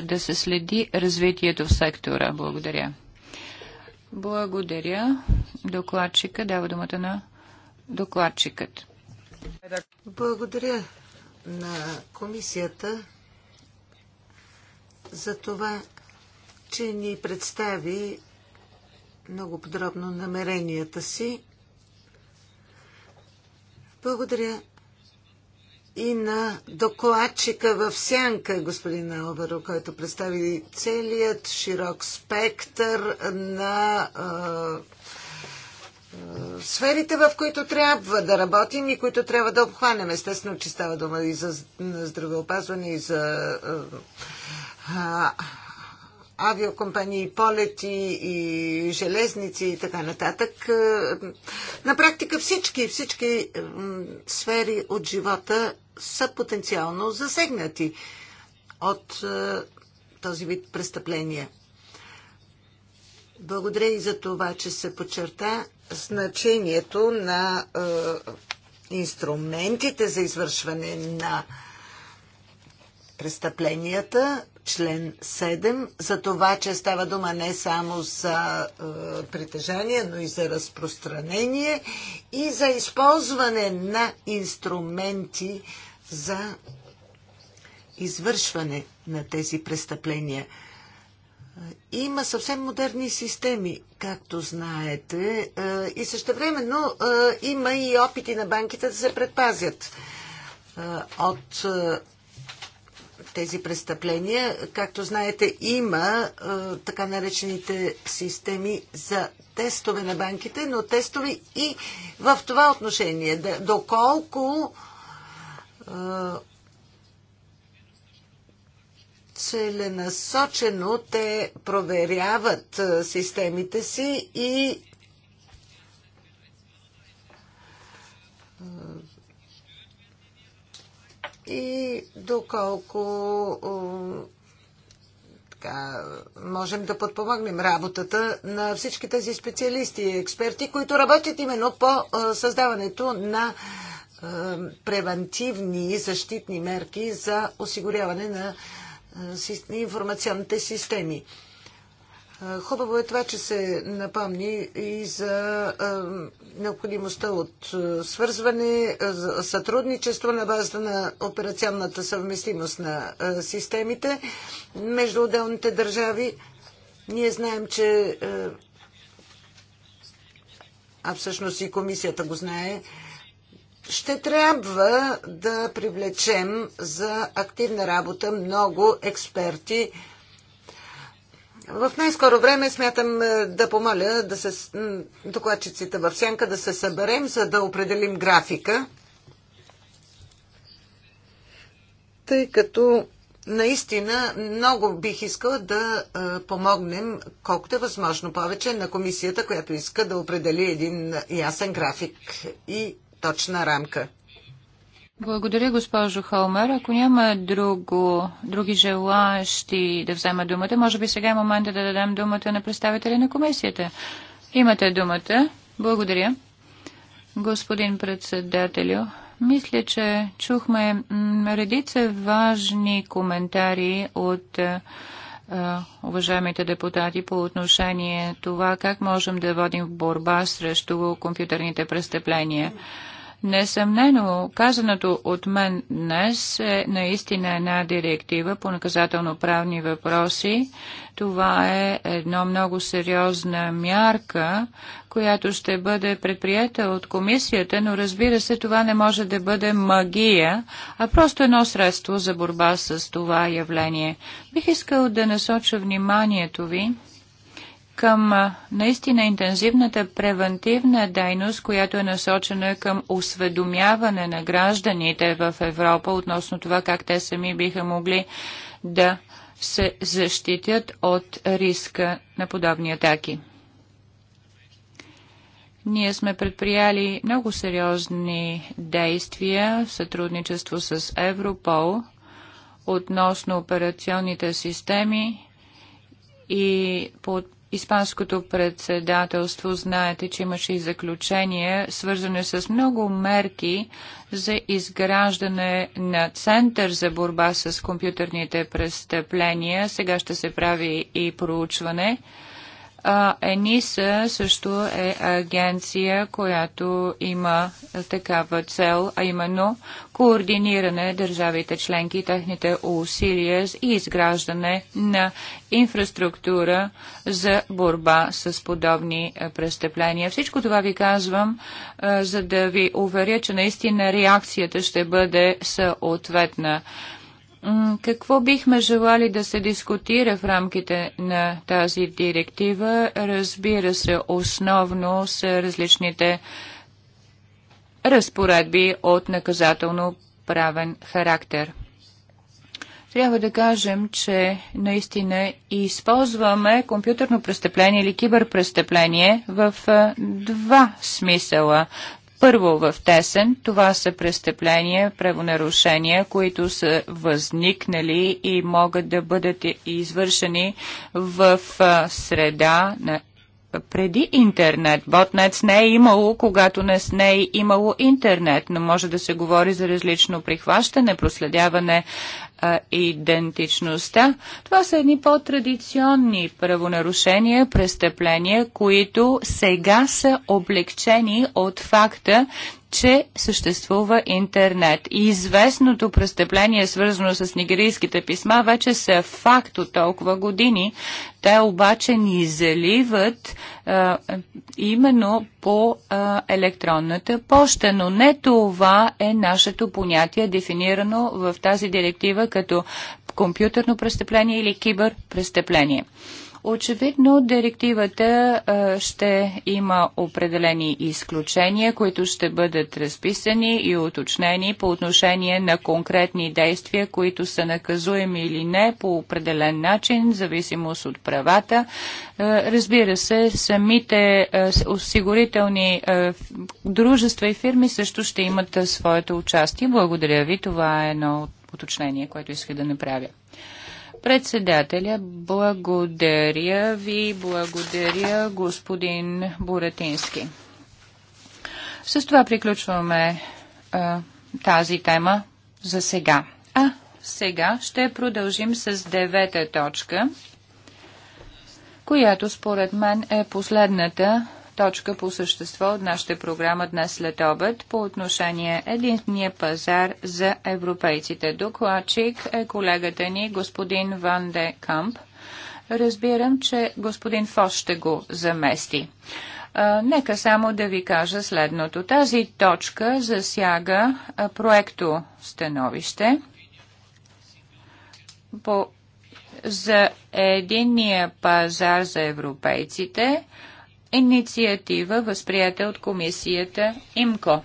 да се следи развитието в сектора? Благодаря. Благодаря. Докладчика дава думата на докладчикът. Благодаря на комисията за това, че ни представи много подробно намеренията си. Благодаря и на докладчика в сянка, господин Алваро, който представи целият широк спектър на е, е, сферите, в които трябва да работим и които трябва да обхванем. Естествено, че става дума и за здравеопазване, и за е, авиокомпании, полети и железници и така нататък. Е, на практика всички, всички е, сфери от живота са потенциално засегнати от е, този вид престъпления. Благодаря и за това, че се подчерта значението на инструментите за извършване на престъпленията, член 7, за това, че става дума не само за е, притежание, но и за разпространение и за използване на инструменти за извършване на тези престъпления. Има съвсем модерни системи, както знаете, е, и същевременно е, има и опити на банките да се предпазят е, от тези престъпления. Както знаете, има а, е, така наречените системи за тестове на банките, но тестове и в това отношение. Доколко а, е, целенасочено те проверяват е, системите си и и доколко така, можем да подпомогнем работата на всички тези специалисти и експерти, които работят именно по създаването на превентивни и защитни мерки за осигуряване на информационните системи. Хубаво е това, че се напомни и за необходимостта от свързване, сътрудничество на базата на операционната съвместимост на системите между отделните държави. Ние знаем, че а всъщност и комисията го знае, ще трябва да привлечем за активна работа много експерти, в най-скоро време смятам е, да помоля да се, докладчиците в сянка да се съберем, за да определим графика. Тъй като наистина много бих искала да е, помогнем колкото е възможно повече на комисията, която иска да определи един ясен график и точна рамка. Благодаря, госпожо Холмер. Ако няма друго, други желащи да взема думата, може би сега е момента да дадем думата на представители на комисията. Имате думата. Благодаря. Господин председателю, мисля, че чухме редица важни коментари от уважаемите депутати по отношение това как можем да водим борба срещу компютърните престъпления. Несъмнено, казаното от мен днес е наистина една директива по наказателно-правни въпроси. Това е едно много сериозна мярка, която ще бъде предприета от комисията, но разбира се, това не може да бъде магия, а просто едно средство за борба с това явление. Бих искал да насоча вниманието ви към наистина интензивната превентивна дейност, която е насочена към осведомяване на гражданите в Европа относно това как те сами биха могли да се защитят от риска на подобни атаки. Ние сме предприяли много сериозни действия в сътрудничество с Европол относно операционните системи и по Испанското председателство знаете, че имаше и заключение, свързане с много мерки за изграждане на център за борба с компютърните престъпления. Сега ще се прави и проучване. ЕНИСА също е агенция, която има такава цел, а именно координиране държавите членки, техните усилия и изграждане на инфраструктура за борба с подобни престъпления. Всичко това ви казвам, за да ви уверя, че наистина реакцията ще бъде съответна. Какво бихме желали да се дискутира в рамките на тази директива? Разбира се, основно с различните разпоредби от наказателно правен характер. Трябва да кажем, че наистина използваме компютърно престъпление или киберпрестъпление в два смисъла. Първо в Тесен, това са престъпления, правонарушения, които са възникнали и могат да бъдат извършени в среда на преди интернет. Ботнец не е имало, когато не, не е имало интернет, но може да се говори за различно прихващане, проследяване а, идентичността. Това са едни по-традиционни правонарушения, престъпления, които сега са облегчени от факта, че съществува интернет. И известното престъпление, свързано с нигерийските писма, вече са факт от толкова години. Те обаче ни заливат а, именно по а, електронната поща, но не това е нашето понятие, дефинирано в тази директива като компютърно престъпление или киберпрестъпление. престъпление. Очевидно, директивата ще има определени изключения, които ще бъдат разписани и уточнени по отношение на конкретни действия, които са наказуеми или не по определен начин, зависимост от правата. Разбира се, самите осигурителни дружества и фирми също ще имат своето участие. Благодаря ви. Това е едно уточнение, което исках да направя. Председателя, благодаря ви, благодаря господин Буратински. С това приключваме а, тази тема за сега. А сега ще продължим с девета точка, която според мен е последната точка по същество от нашата програма днес след обед по отношение единствения пазар за европейците. Докладчик е колегата ни господин Ван де Камп. Разбирам, че господин Фос ще го замести. А, нека само да ви кажа следното. Тази точка засяга проекто становище по за единния пазар за европейците инициатива, възприята от комисията ИМКО,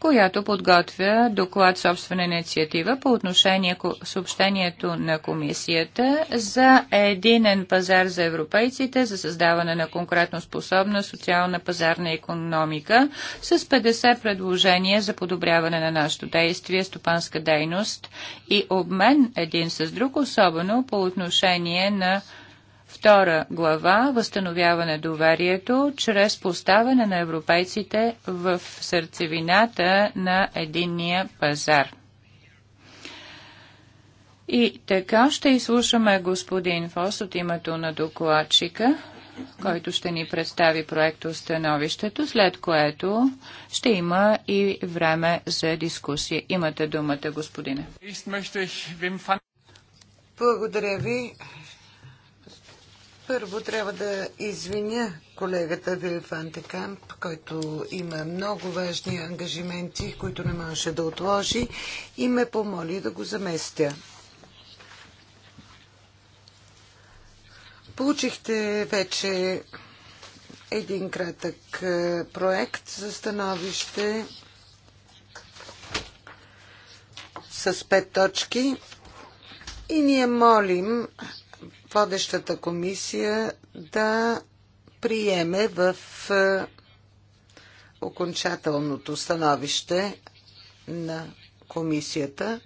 която подготвя доклад собствена инициатива по отношение съобщението на комисията за единен пазар за европейците за създаване на конкретно способна социална пазарна економика с 50 предложения за подобряване на нашето действие, стопанска дейност и обмен един с друг, особено по отношение на Втора глава – възстановяване доверието чрез поставяне на европейците в сърцевината на единния пазар. И така ще изслушаме господин Фос от името на докладчика, който ще ни представи проекто становището, след което ще има и време за дискусия. Имате думата, господине. Благодаря ви. Първо трябва да извиня колегата Вилифанте Камп, който има много важни ангажименти, които не можеше да отложи и ме помоли да го заместя. Получихте вече един кратък е, проект за становище с пет точки и ние молим водещата комисия да приеме в е, окончателното становище на комисията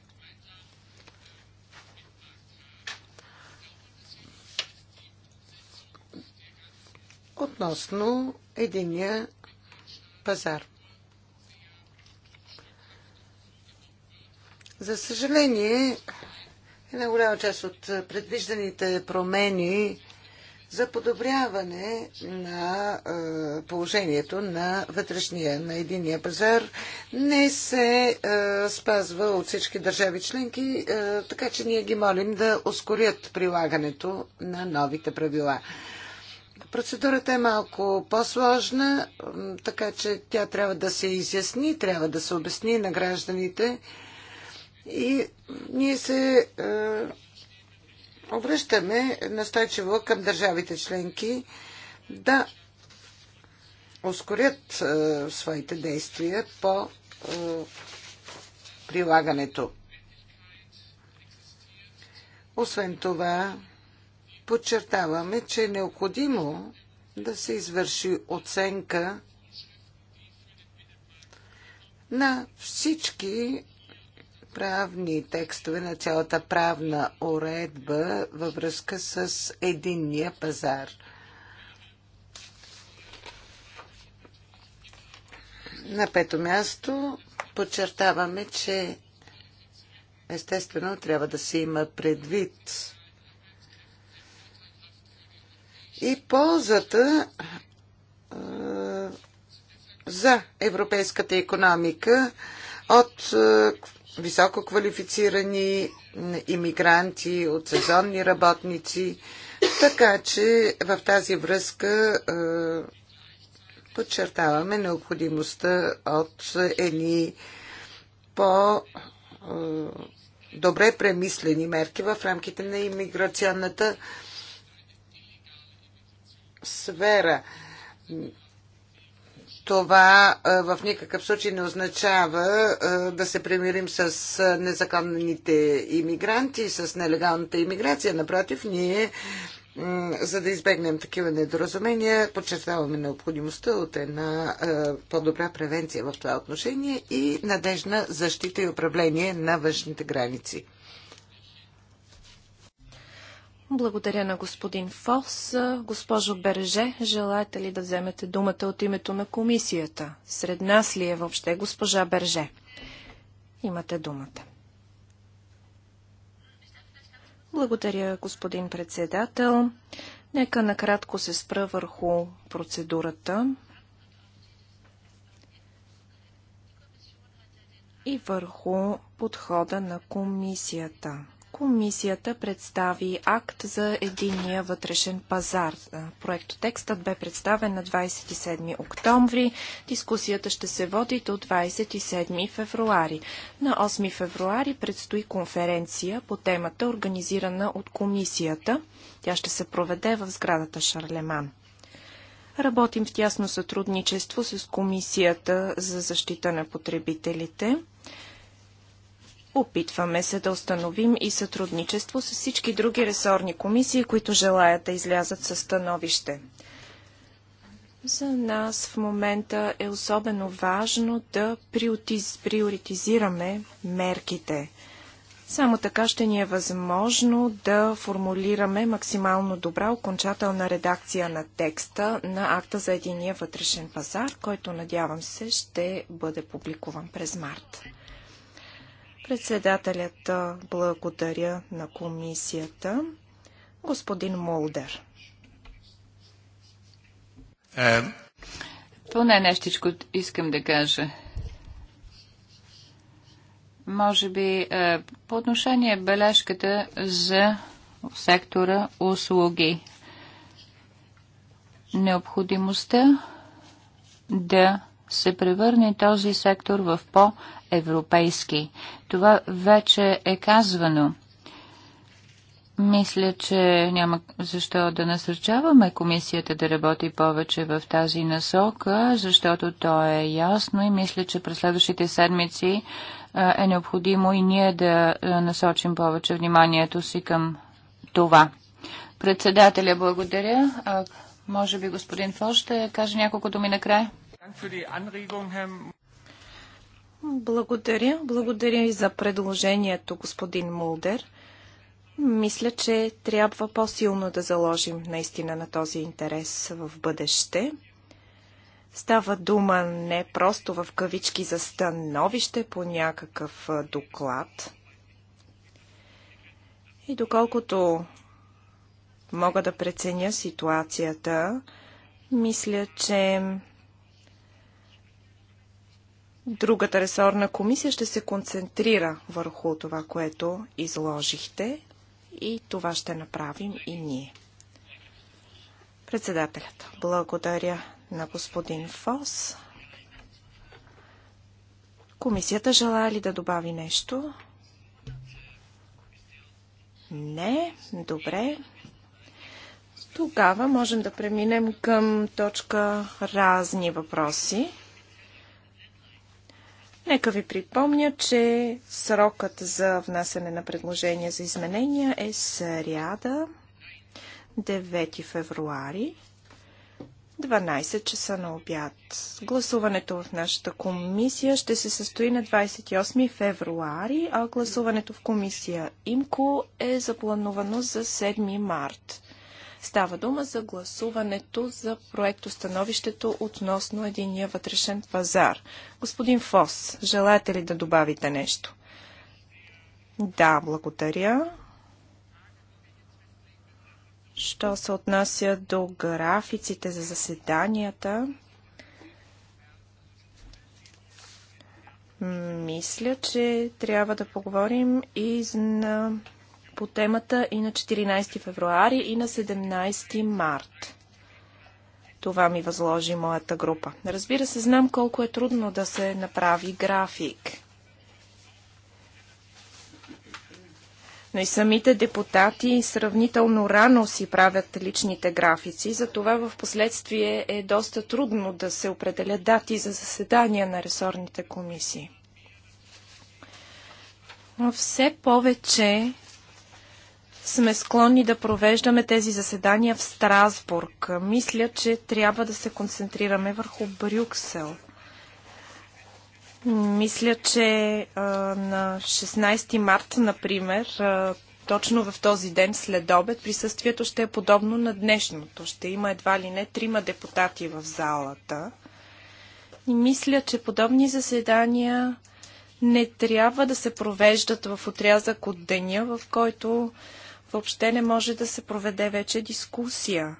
относно единия пазар. За съжаление, Една голяма част от предвижданите промени за подобряване на положението на вътрешния, на единия пазар не се спазва от всички държави членки, така че ние ги молим да ускорят прилагането на новите правила. Процедурата е малко по-сложна, така че тя трябва да се изясни, трябва да се обясни на гражданите и ние се е, обръщаме настойчиво към държавите членки да ускорят е, своите действия по е, прилагането. Освен това, подчертаваме, че е необходимо да се извърши оценка на всички правни текстове, на цялата правна уредба във връзка с единния пазар. На пето място подчертаваме, че естествено трябва да се има предвид и ползата е, за европейската економика от е, високо квалифицирани иммигранти, от сезонни работници. Така че в тази връзка е, подчертаваме необходимостта от едни по е, добре премислени мерки в рамките на иммиграционната сфера това в никакъв случай не означава да се примирим с незаконните иммигранти, с нелегалната иммиграция. Напротив, ние, за да избегнем такива недоразумения, подчертаваме необходимостта от една по-добра превенция в това отношение и надежна защита и управление на външните граници. Благодаря на господин Фос. Госпожо Берже, желаете ли да вземете думата от името на комисията? Сред нас ли е въобще госпожа Берже? Имате думата. Благодаря, господин председател. Нека накратко се спра върху процедурата и върху подхода на комисията. Комисията представи акт за единния вътрешен пазар. Е, проектотекстът бе представен на 27 октомври. Дискусията ще се води до 27 февруари. На 8 февруари предстои конференция по темата, организирана от комисията. Тя ще се проведе в сградата Шарлеман. Работим в тясно сътрудничество с Комисията за защита на потребителите. Опитваме се да установим и сътрудничество с всички други ресорни комисии, които желаят да излязат със становище. За нас в момента е особено важно да приоритизираме мерките. Само така ще ни е възможно да формулираме максимално добра окончателна редакция на текста на акта за единия вътрешен пазар, който надявам се ще бъде публикуван през март. Председателят благодаря на комисията. Господин Молдер. Е... Поне нещичко искам да кажа. Може би е, по отношение бележката за сектора услуги. Необходимостта да се превърне този сектор в по-европейски. Това вече е казвано. Мисля, че няма защо да насърчаваме комисията да работи повече в тази насока, защото то е ясно и мисля, че през следващите седмици е необходимо и ние да насочим повече вниманието си към това. Председателя, благодаря. може би господин Фош ще каже няколко думи накрая. Благодаря. Благодаря и за предложението, господин Мулдер. Мисля, че трябва по-силно да заложим наистина на този интерес в бъдеще. Става дума не просто в кавички за становище по някакъв доклад. И доколкото мога да преценя ситуацията, мисля, че Другата ресорна комисия ще се концентрира върху това, което изложихте и това ще направим и ние. Председателят, благодаря на господин Фос. Комисията желая ли да добави нещо? Не, добре. Тогава можем да преминем към точка разни въпроси. Нека ви припомня, че срокът за внасяне на предложения за изменения е сряда, 9 февруари, 12 часа на обяд. Гласуването в нашата комисия ще се състои на 28 февруари, а гласуването в комисия ИМКО е заплановано за 7 март. Става дума за гласуването за проектостановището относно единия вътрешен пазар. Господин Фос, желаете ли да добавите нещо? Да, благодаря. Що се отнася до графиците за заседанията, мисля, че трябва да поговорим и на по темата и на 14 февруари и на 17 март. Това ми възложи моята група. Разбира се, знам колко е трудно да се направи график. Но и самите депутати сравнително рано си правят личните графици, затова в последствие е доста трудно да се определят дати за заседания на ресорните комисии. Но все повече сме склонни да провеждаме тези заседания в Страсбург. Мисля, че трябва да се концентрираме върху Брюксел. Мисля, че а, на 16 март, например, а, точно в този ден след обед, присъствието ще е подобно на днешното. Ще има едва ли не трима депутати в залата. И мисля, че подобни заседания не трябва да се провеждат в отрязък от деня, в който въобще не може да се проведе вече дискусия.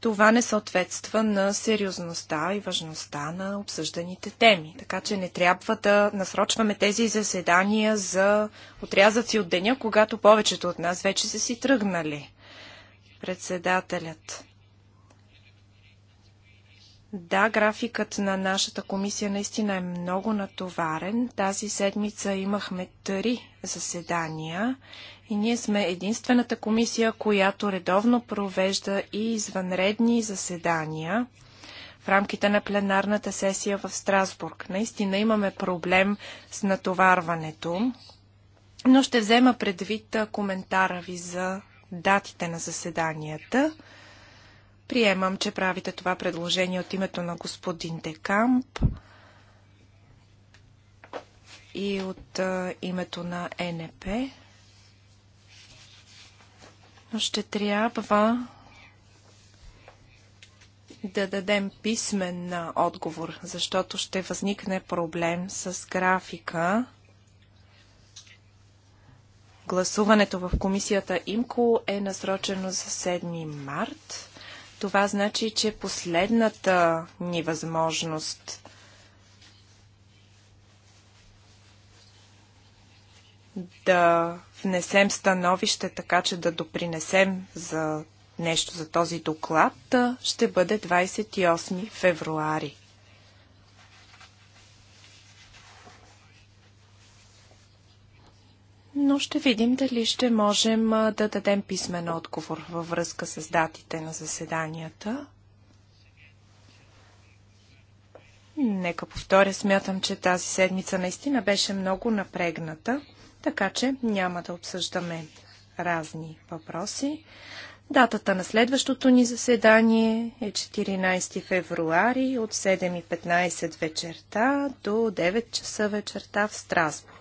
Това не съответства на сериозността и важността на обсъжданите теми. Така че не трябва да насрочваме тези заседания за отрязъци от деня, когато повечето от нас вече са си тръгнали. Председателят. Да, графикът на нашата комисия наистина е много натоварен. Тази седмица имахме три заседания и ние сме единствената комисия, която редовно провежда и извънредни заседания в рамките на пленарната сесия в Страсбург. Наистина имаме проблем с натоварването, но ще взема предвид коментара ви за датите на заседанията. Приемам, че правите това предложение от името на господин Декамп и от а, името на НП. Но ще трябва да дадем писмен на отговор, защото ще възникне проблем с графика. Гласуването в комисията ИМКО е насрочено за 7 март. Това значи, че последната ни възможност да внесем становище, така че да допринесем за нещо за този доклад, ще бъде 28 февруари. но ще видим дали ще можем да дадем писмен отговор във връзка с датите на заседанията. Нека повторя, смятам, че тази седмица наистина беше много напрегната, така че няма да обсъждаме разни въпроси. Датата на следващото ни заседание е 14 февруари от 7.15 вечерта до 9 часа вечерта в Страсбург.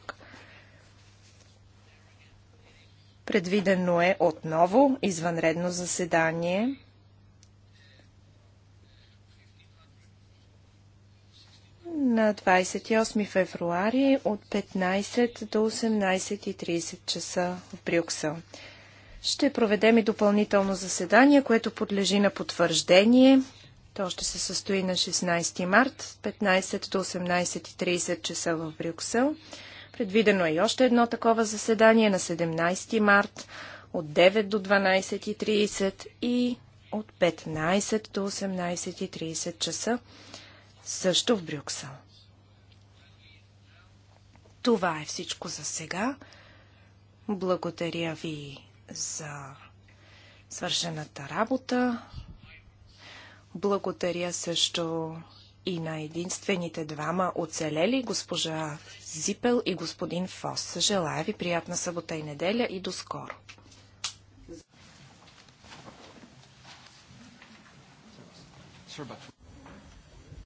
Предвидено е отново извънредно заседание. на 28 февруари от 15 до 18.30 часа в Брюксел. Ще проведем и допълнително заседание, което подлежи на потвърждение. То ще се състои на 16 март, 15 до 18.30 часа в Брюксел. Предвидено е и още едно такова заседание на 17 март от 9 до 12.30 и от 15 до 18.30 часа, също в Брюксел. Това е всичко за сега. Благодаря ви за свършената работа. Благодаря също и на единствените двама оцелели, госпожа Зипел и господин Фос. Желая ви приятна събота и неделя и до скоро! Sure, but